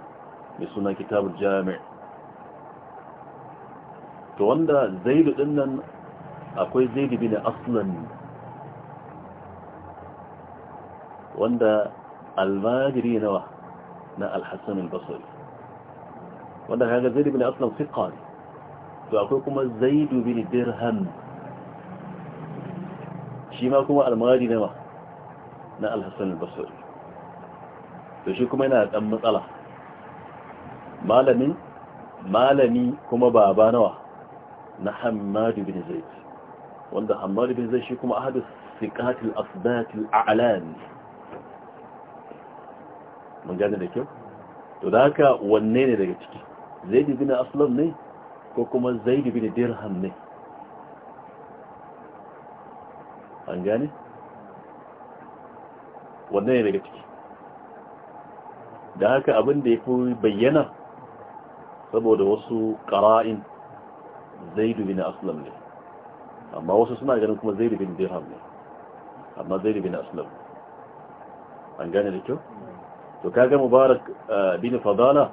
بسنة كتاب الجامع تواندا زيد انن akwai zaid bin aslan wanda al almajiri nawa na Al-Hassanul alhassan albasari wanda kaga zaid bin aslan fiqa ne to akwai kuma zai bin dirham shi ma kuma al almajiri nawa na Al-Hassanul alhassan albasari to shi kuma yana ɗan matsala malamin malami kuma baba nawa na hamadu bin zaid wanda hamad bin zai shi kuma ahadu siqatil asbatil alani mun gane da kyau to da haka wanne ne daga ciki dubi bin aslam ne ko kuma dubi bin dirham ne an gane wanne ne daga ciki da haka abin da ya fi bayyana saboda wasu ƙara'in zaidu bin aslam ne amma wasu suna ganin kuma zai ribin dirham ne amma zai ribin aslam an gane da kyau to kaga mubarak eh, bin fadala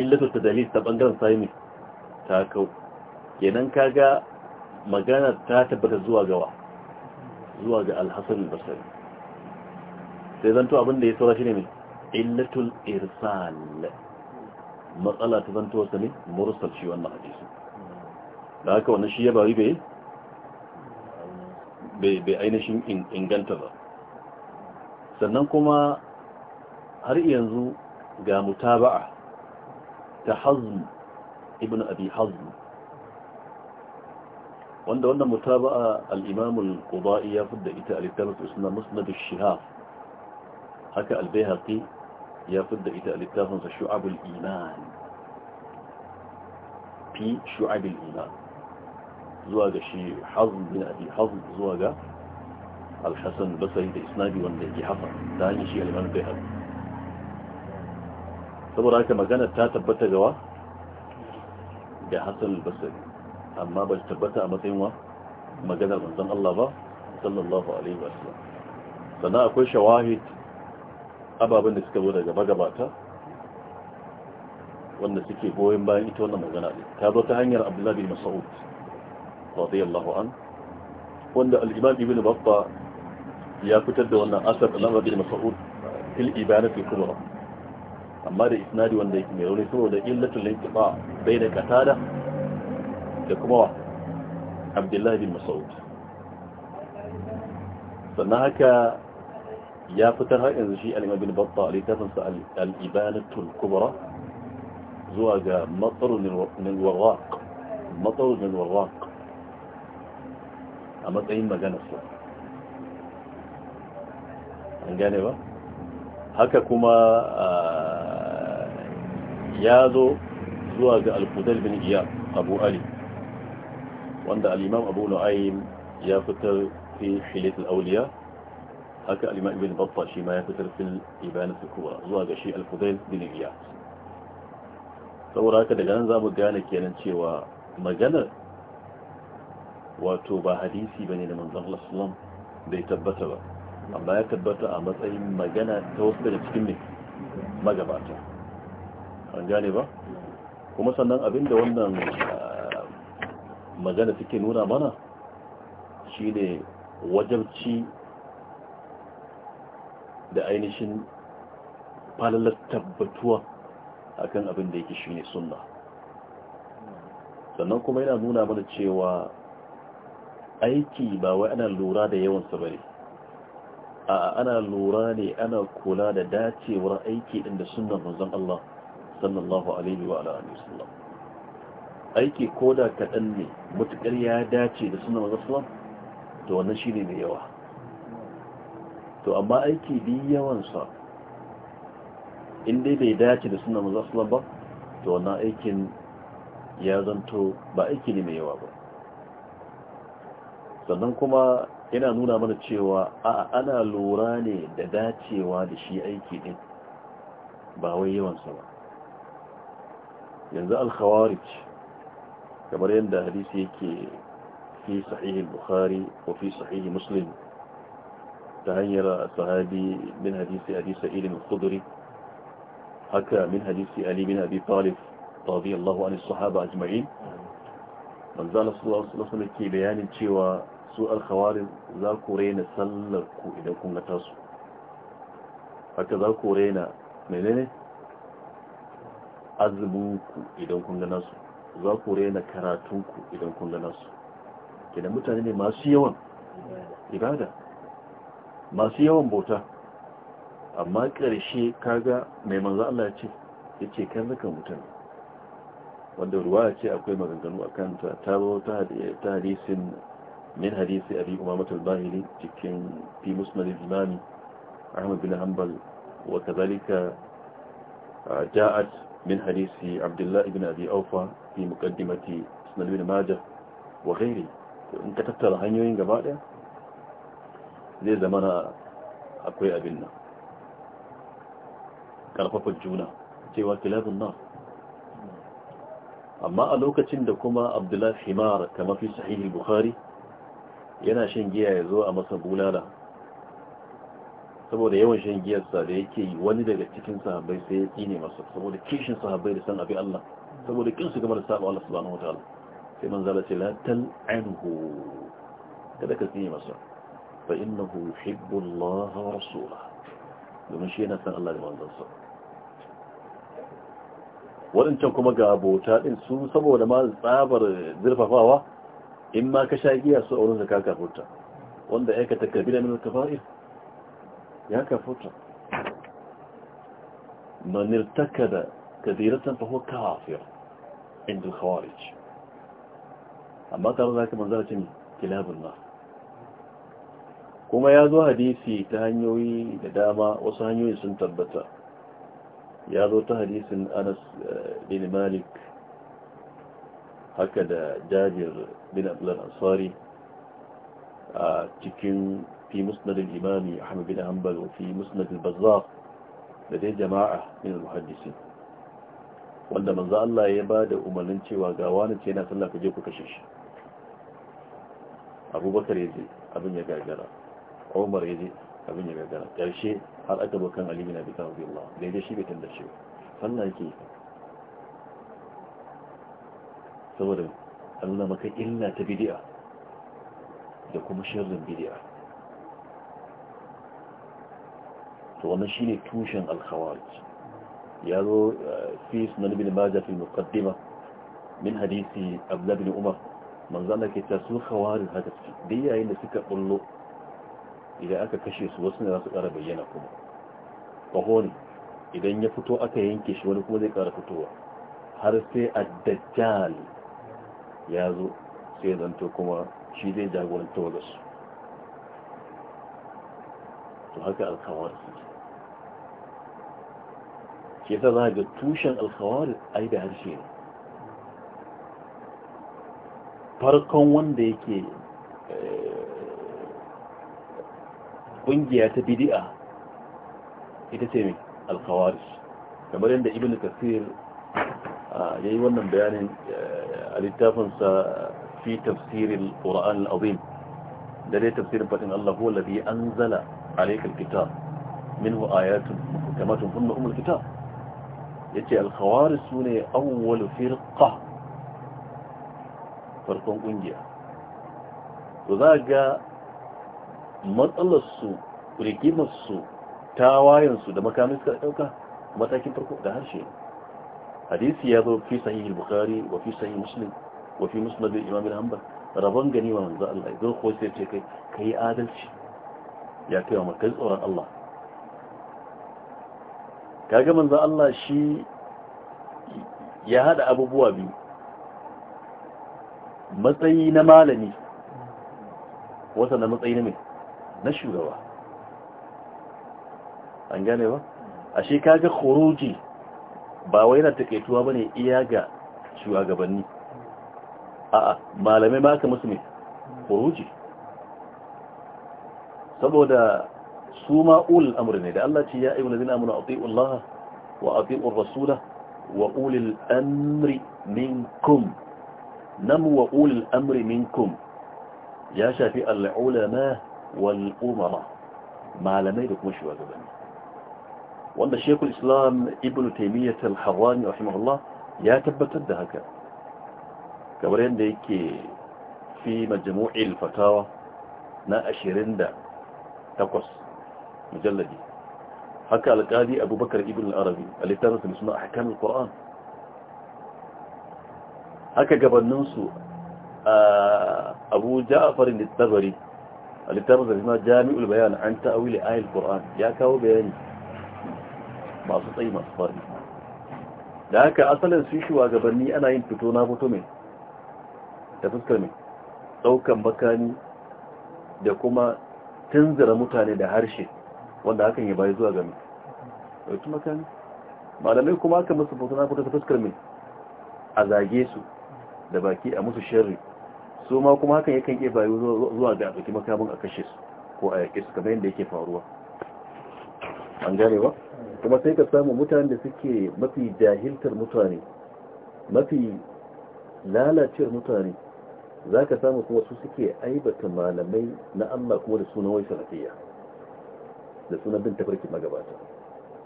illatu tadlis ta bangaren saymi ta kau kenan kaga magana ta tabbata zuwa gawa zuwa ga Alhassan hasan sai zanto abin da ya saura shi ne illatul irsal matsala ta zanto wasa ne mursal shi wannan hadisi da haka wannan shi ya bari bai bai ainihin inganta ba sannan kuma har yanzu ga mutaba'a ta hazm ibn abi hazm wanda wannan mutaba'a al’imamun imam al-qudai ya fidda ita a littafin sunna musnad ash shihaf haka al ya ya da ita a littafin sa shu'ab 'imani iman fi shu'abul iman zuwa ga shi hazm bin abi hazm zuwa ga al-hasan basri da isnadi wanda yake hafa da hanyar shi al-imam bai hafa saboda haka magana ta tabbata gawa da hasan Basari. basri amma ba tabbata a matsayin wa maganar manzon Allah ba sallallahu alaihi sallam. sannan akwai shawahid ababen da suka zo daga magabata wanda suke goyon bayan ita wannan magana ta zo ta hanyar abdullahi mas'ud رضي الله عنه وان الإمام ابن بطة يا يكتد دون أسر الله بن مسعود في الإبانة الكبرى أما دا إثنادي وان دا يكميروني الانقطاع بين كتادة لكم عبد الله بن مسعود فنهك يكتدها إن شيء الإمام ابن بطة لتفنس الإبانة الكبرى زواجا مطر من وراق مطر من وراق a matsayin magana su an gane ba haka kuma ya zo zuwa ga alkudal bin iya abu ali wanda al'imam abu nu'ayin ya fitar fi shilatul auliya haka al'imam ibn babba shi ma ya fitar fi ibanin sukuwa zuwa ga shi alkudal bin iya saboda haka daga nan za mu gane kenan cewa maganar wato ba hadisi bane da manzon Allah sallam bai tabbata ba amma ya tabbata a matsayin magana ta wasu daga cikin ne magabata an gane ba kuma sannan abinda wannan ah, magana take nuna mana shine wajabci da ainihin falalar tabbatuwa akan abin da yake shine sunna sannan kuma yana nuna mana cewa aiki ba wai ana lura da yawansa bane a ana lura ne ana kula da dacewar aiki din da sunnar manzon Allah sallallahu alaihi wa alihi wasallam aiki koda kadan ne mutukar ya dace da sunnar manzon Allah to wannan shine mai yawa to amma aiki bi yawansa in dai bai dace da sunnar manzon Allah ba to wannan aikin ya zanto ba aiki ne mai yawa ba sannan kuma yana nuna mana cewa a ana lura ne da dacewa da shi aiki din ba wai yawansa ba yanzu alkhawarij kamar yadda hadisi yake fi sahihi bukhari ko fi sahihi muslim ta hanyar sahabi min hadisi hadisi sa'id al-khudri haka min hadisi ali bin abi talib radiyallahu anhu sahaba ajma'in manzo Allah sallallahu alaihi wasallam ke bayanin cewa su alkhawarin za ku raina sallar ku idan kun gata su haka za ku raina menene azumin ku idan kun gana su za ku raina karatun ku idan kun gana su kenan mutane ne masu yawan ibada masu yawan bauta amma ƙarshe kaga mai manzo Allah ya ce ya ce kan zaka mutum wanda ruwa ce akwai maganganu a kanta ta zo ta hadisin من حديث أبي أمامة الباهلي في مسند الإمام أحمد بن حنبل وكذلك آه، جاءت من حديث عبد الله بن أبي أوفى في مقدمة مسند بن ماجه وغيره إن كتبت الحنيوين قبالها زي زمانا أقوي أبنا كان فقط الجونة جي كلاب النار أما ألوك تندكما عبد الله حمار كما في صحيح البخاري yana shan giya ya zo a masa bulala saboda yawan shan giyarsa da yake yi wani daga cikin sahabbai sai ya tsine masa saboda kishin sahabbai da san abi Allah saboda kin su game da saba Allah subhanahu wataala sai man zala ce la anhu kada ka tsine masa fa innahu yuhibbu Allah wa rasulahu domin shi yana san Allah da sa Wadancan kuma ga abota din su saboda ma tsabar zurfafawa in ma ka sha giya su auren ka kafurta wanda aikata kabila min kafa'ir ya kafurta man irtakada kabiratan fa huwa kafir inda khawarij amma tare da kuma zara cin kilabun na kuma ya zo hadisi ta hanyoyi da dama wasu hanyoyi sun tabbata ya zo ta hadisin Anas eh, bin Malik haka da jabir bin abdullah ansari a cikin fi musnadin al-imami ahmad bin hanbal wa fi musnadin al-bazzar da dai jama'a min al-muhaddisin wanda manzo Allah ya ba da umarnin cewa ga wani ce yana sallah kaje ku kashe shi abubakar ya je abin ya gagara umar ya je abin ya gagara ƙarshe har aka bakan alimin abin kan rabin Allah da ya shi bai tanda shi sallah yake saboda allah maka illa ta bidi'a da kuma shirin bidi'a to wannan shi ne tushen alkhawarij ya zo eh, fi sunan bin maja fi muqaddima min hadisi abdullah bin umar manzo Allah ke ta su khawarij haka da yayin da suka bullo idan aka kashe su wasu ne za su ƙara bayyana kuma ƙahoni idan ya fito aka yanke shi wani kuma zai ƙara fitowa har sai a dajjal ya zo sai zanto kuma shi zai jagoranta wa su to haka alkawar ke ta za ga tushen alkawar ai da harshe ne farkon wanda yake eh, ƙungiya ta bidi'a ita ce mai alkawar kamar yadda ibn kasir ah, ya yi wannan bayanin eh, a littafinsa fi tafsirin ƙura'an al'azim da dai tafsirin faɗin Allah huwa ladhi anzala alayka min minhu ayatun muhkamatun hunna umul kitab yace al-khawaris sune awwal firqa farkon ƙungiya. to za ga matsalarsu, su rigimar su tawayen da makamin suka dauka matakin farko da harshe ne hadisi ya zo fi sahihi bukhari wa fi sahihi muslim wa fi musnad al-imam al-hanbal rabon gani wa manzo Allah idan ko sai ce kai kai adalci ya kai wa makai tsoron Allah kaga manzo Allah shi ya hada abubuwa biyu matsayi na malami wata na matsayi na mai na shugaba an gane ba ashe kaga khuruji ba wai na takaituwa ba ne iya ga shugabanni a'a malamai ma ka musu mai kuruci saboda su ma ulul amri ne da Allah ce ya ayyuhal ladina amanu atiiu Allah wa atiiu ar-rasula wa ulul amri minkum nam wa ulil amri minkum ya shafi al-ulama wal umara malamai da kuma shugabanni وأن الشيخ الإسلام ابن تيمية الحراني رحمه الله يا تبت الدهك كبرين ديك في مجموع الفتاوى نا أشيرين دا تقص مجلدي حكى القاضي أبو بكر ابن العربي اللي تنسى اسمه أحكام القرآن حكى قبل ننسو آه، أبو جعفر للتبري اللي تنسى اسمه جامع البيان عن تأويل آية القرآن يا كاو بياني masu tsayi masu fari da haka asalin su shugabanni ana yin fito na fito mai da fuskar mai ɗaukan bakani da kuma tunzira mutane da harshe wanda hakan ya bayi zuwa ga mai ɗauki makani malamai kuma aka musu fito na fito ta fuskar mai a zage su da baki a musu shirri, su ma kuma hakan yakan iya bayi zuwa ga ɗauki makamin a kashe su ko a yaƙe su kamar yadda yake faruwa an gane ba kuma sai ka samu mutane da suke mafi jahiltar mutane mafi lalacewar mutane za ka samu kuma su suke aibata malamai na Allah kuma da sunan wai sanatiyya da sunan bin tafarki magabata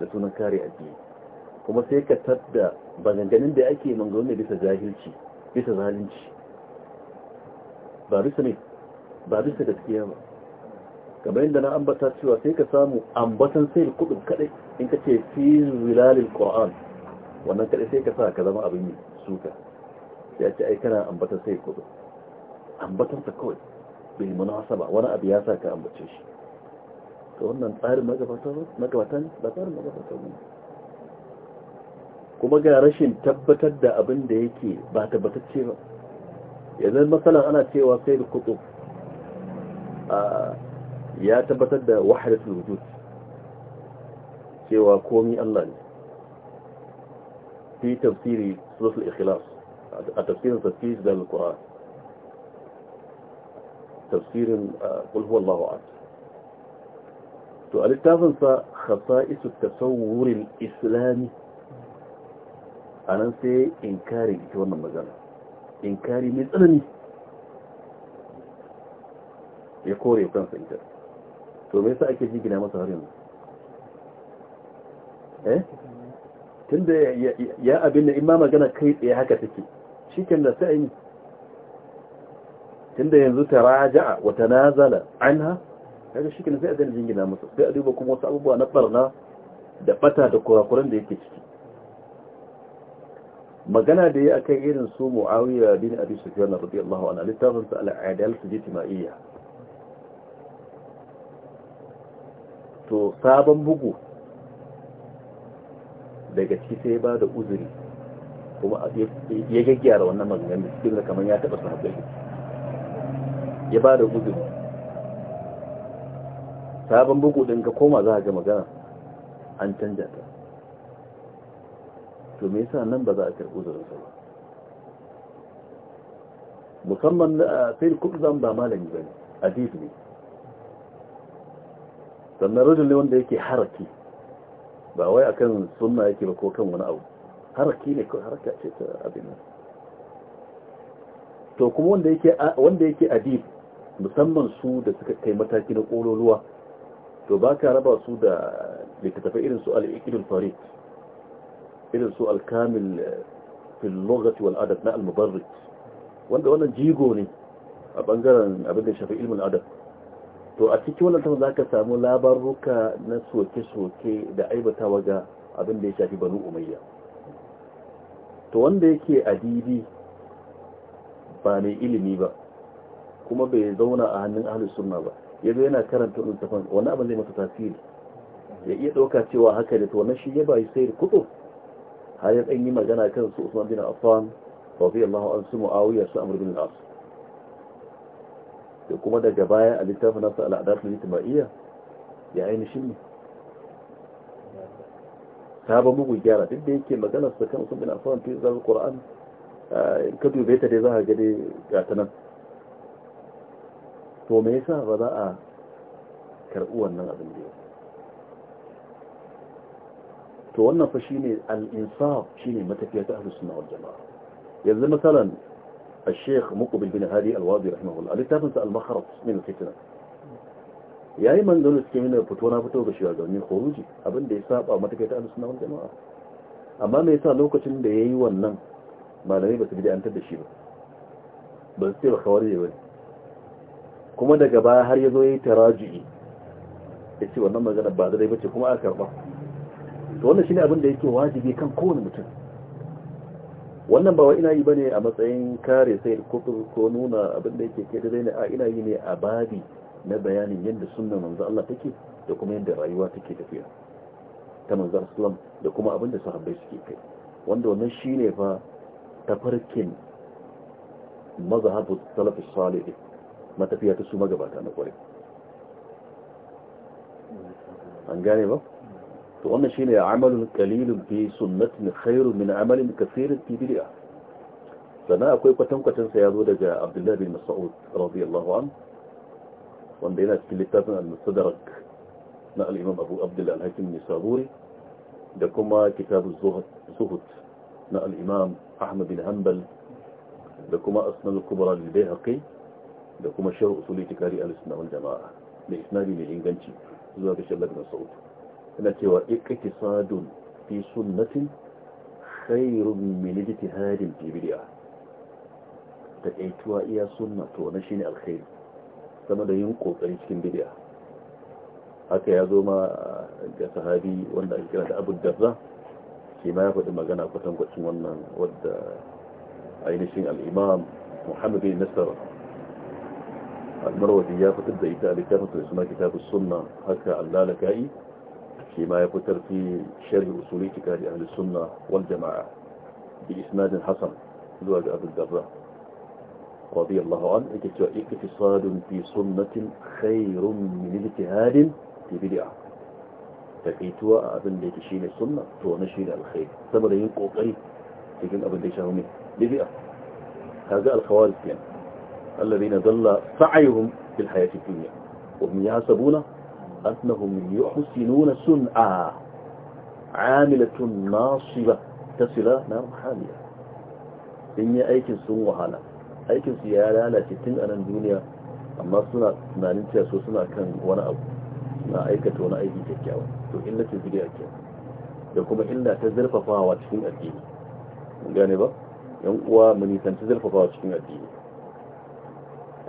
da sunan kare addini kuma sai ka tadda maganganun da ake maganganun ne bisa jahilci bisa zalunci ba bisa ne ba bisa gaskiya ba kamar yadda na ambata cewa sai ka samu ambatan sayar kudin kadai in ka ce fi zilalil qur'an wannan kadai sai ka sa ka zama abin yi suka ya ce ai kana ambatan sayar kudin ambatan sa kawai bai ba wani abu ya sa ka ambace shi to wannan tsarin magabatan da tsarin magabatan ne kuma ga rashin tabbatar da abin da yake ba tabbatacce ba yanzu matsalan ana cewa sai da kudu ya tabbatar da wahadatul wujud cewa komi Allah ne fi tafsiri suratul ikhlas a tafsirin tafsir da al-Qur'an tafsirin qul huwallahu ahad to a littafin sa khasa'isu tasawwur al-islami anan sai inkari ita wannan magana inkari mai tsanani ya kore kansa ita to me yasa ake jigina masa har yanzu eh da ya abin da imma magana kai tsaye haka take shikin da sai tun da yanzu taraja'a wa tanazala anha kaga shikin sai a dan jingina masa sai a duba kuma wasu abubuwa na barna da bata da kurakuran da yake ciki magana da ya akan irin su Muawiya bin Abi Sufyan radiyallahu anhu littafin sa al-adal sujtimaiya to sabon bugu daga ciki sai ba da uzuri kuma ya gaggyara wannan maganin da cikin da kamar ya taɓa sahabbai ya ba da uzuri sabon bugu ɗin ka koma za a ga magana an canja ta to me yasa nan ba za a uzurin sa ba musamman ah, sai zan ba malami ba ne hadisi ne sannan rajul ne wanda yake haraki ba wai akan sunna yake ba ko kan wani abu haraki ne ko haraka ce ta abin to kuma wanda yake wanda adib musamman su da suka kai mataki na kololuwa to ba ka raba su da littattafai irin su al-iqdul irin su al-kamil eh, fil na al-mubarrid wanda wannan jigo ne a bangaren abin da shafi ilmin adab to a cikin wannan tafi za ka samu labaruka na soke-soke da aibatawa ga abin da ya shafi banu umayya to wanda yake adibi ba mai ilimi ba kuma bai zauna a hannun ahalus sunna ba ya zai yana karanta littafin wani abin zai masa tasiri ya iya ɗauka cewa haka da to wannan shi ya bayi sai kudu har ya ɗan yi magana kan su Usman bin Affan radiyallahu anhu su Muawiya su bin da kuma daga baya a littafin nasu al'adatul ijtima'iyya ya ainihin ne ba bugu gyara duk da yake maganar su kan sun bin afwan fi zal qur'an ka dube ta dai za ka ga dai ga ta nan to me yasa ba za a karɓi wannan abin da to wannan fa shine al-insaf shine matafiya ta ahlus sunna wal jamaa yanzu misalan الشيخ مقبل بن هادي الواضي رحمه الله لتابنس المخرط من الفتنة ya yi manzannin suke yana fito na fito da shugabannin horuji abinda ya saba matakaita an suna wani jama'a amma mai sa lokacin da ya yi wannan malamai ba su gida yantar da shi ba ba su ce ba kawar da wani kuma daga baya har ya zo ya yi taraji'i ya ce wannan magana ba zai bace kuma aka karba to wannan shi ne abin da ya yake wajibi kan kowane mutum wannan ba wa ina yi bane a matsayin kare sai kutub ko nuna abin da yake da dai ne a ina yi ne a babi na bayanin yadda sunnar manzo Allah take da kuma yadda rayuwa take tafiya ta manzo sallam da kuma abin da sahabbai suke kai wanda wannan shine fa tafarkin mazhabu salaf salih matafiya ta su magabata na kwarai an gane ba وأن شين عمل كليل في سنة خير من عمل كثير في بلئة فما أكوي قتن قتن سيادود جاء عبد الله بن مسعود رضي الله عنه وأن دينا كليتابنا المستدرك نا الإمام أبو عبد الله الهيثم نسابوري دكما كتاب الزهد زهد مع الإمام أحمد بن حنبل. دكما أسماء الكبرى للبيهقي دكما شر أصولي تكاري الإسنة والجماعة لإسنادي للإنجنشي زوابش الله بن مسعود suna cewa iktisadun fi sunnatin khairun min ijtihadin fi ta kaituwa iya sunna to na shine alkhairi sama da yin kokari cikin bid'a haka ya zo ma ga sahabi wanda ake kira da Abu Darda shi ma ya faɗi magana kusan gwacin wannan wadda ainihin al-Imam Muhammad bin Nasr al-Marwazi ya fitar da ita a littafin suna kitabus sunna haka Allah kayi. فيما يقتر في شرح أصوليتك لأهل السنة والجماعة بإسناد حسن لواد أبو الدراء رضي الله عنه اكتصاد في سنة خير من الاتهاد في بدعة فقيتوا أبن ليتشين السنة تو نشيل الخير سبب ينقو قري تكن أبن هم لبيئة أه؟ هذا الخوارج يعني، الذين ظل سعيهم في الحياة الدنيا وهم يحسبون أنهم يحسنون سنعا عاملة ناصبة تصل نار حامية إن أيكن سن وهلا أيكن سيالة لا تتن أنا الدنيا أما سنة نانين تيسو سنة كان وانا أبو na aikata wani aiki kyakkyawa to illa ce zuri a kyau da kuma illa ta zurfafawa cikin addini mun gane ba yan uwa mu nisanci zurfafawa cikin addini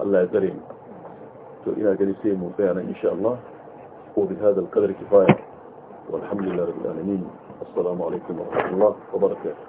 Allah ya tsare mu to ina sai mu وبهذا القدر كفاية والحمد لله رب العالمين السلام عليكم ورحمة الله وبركاته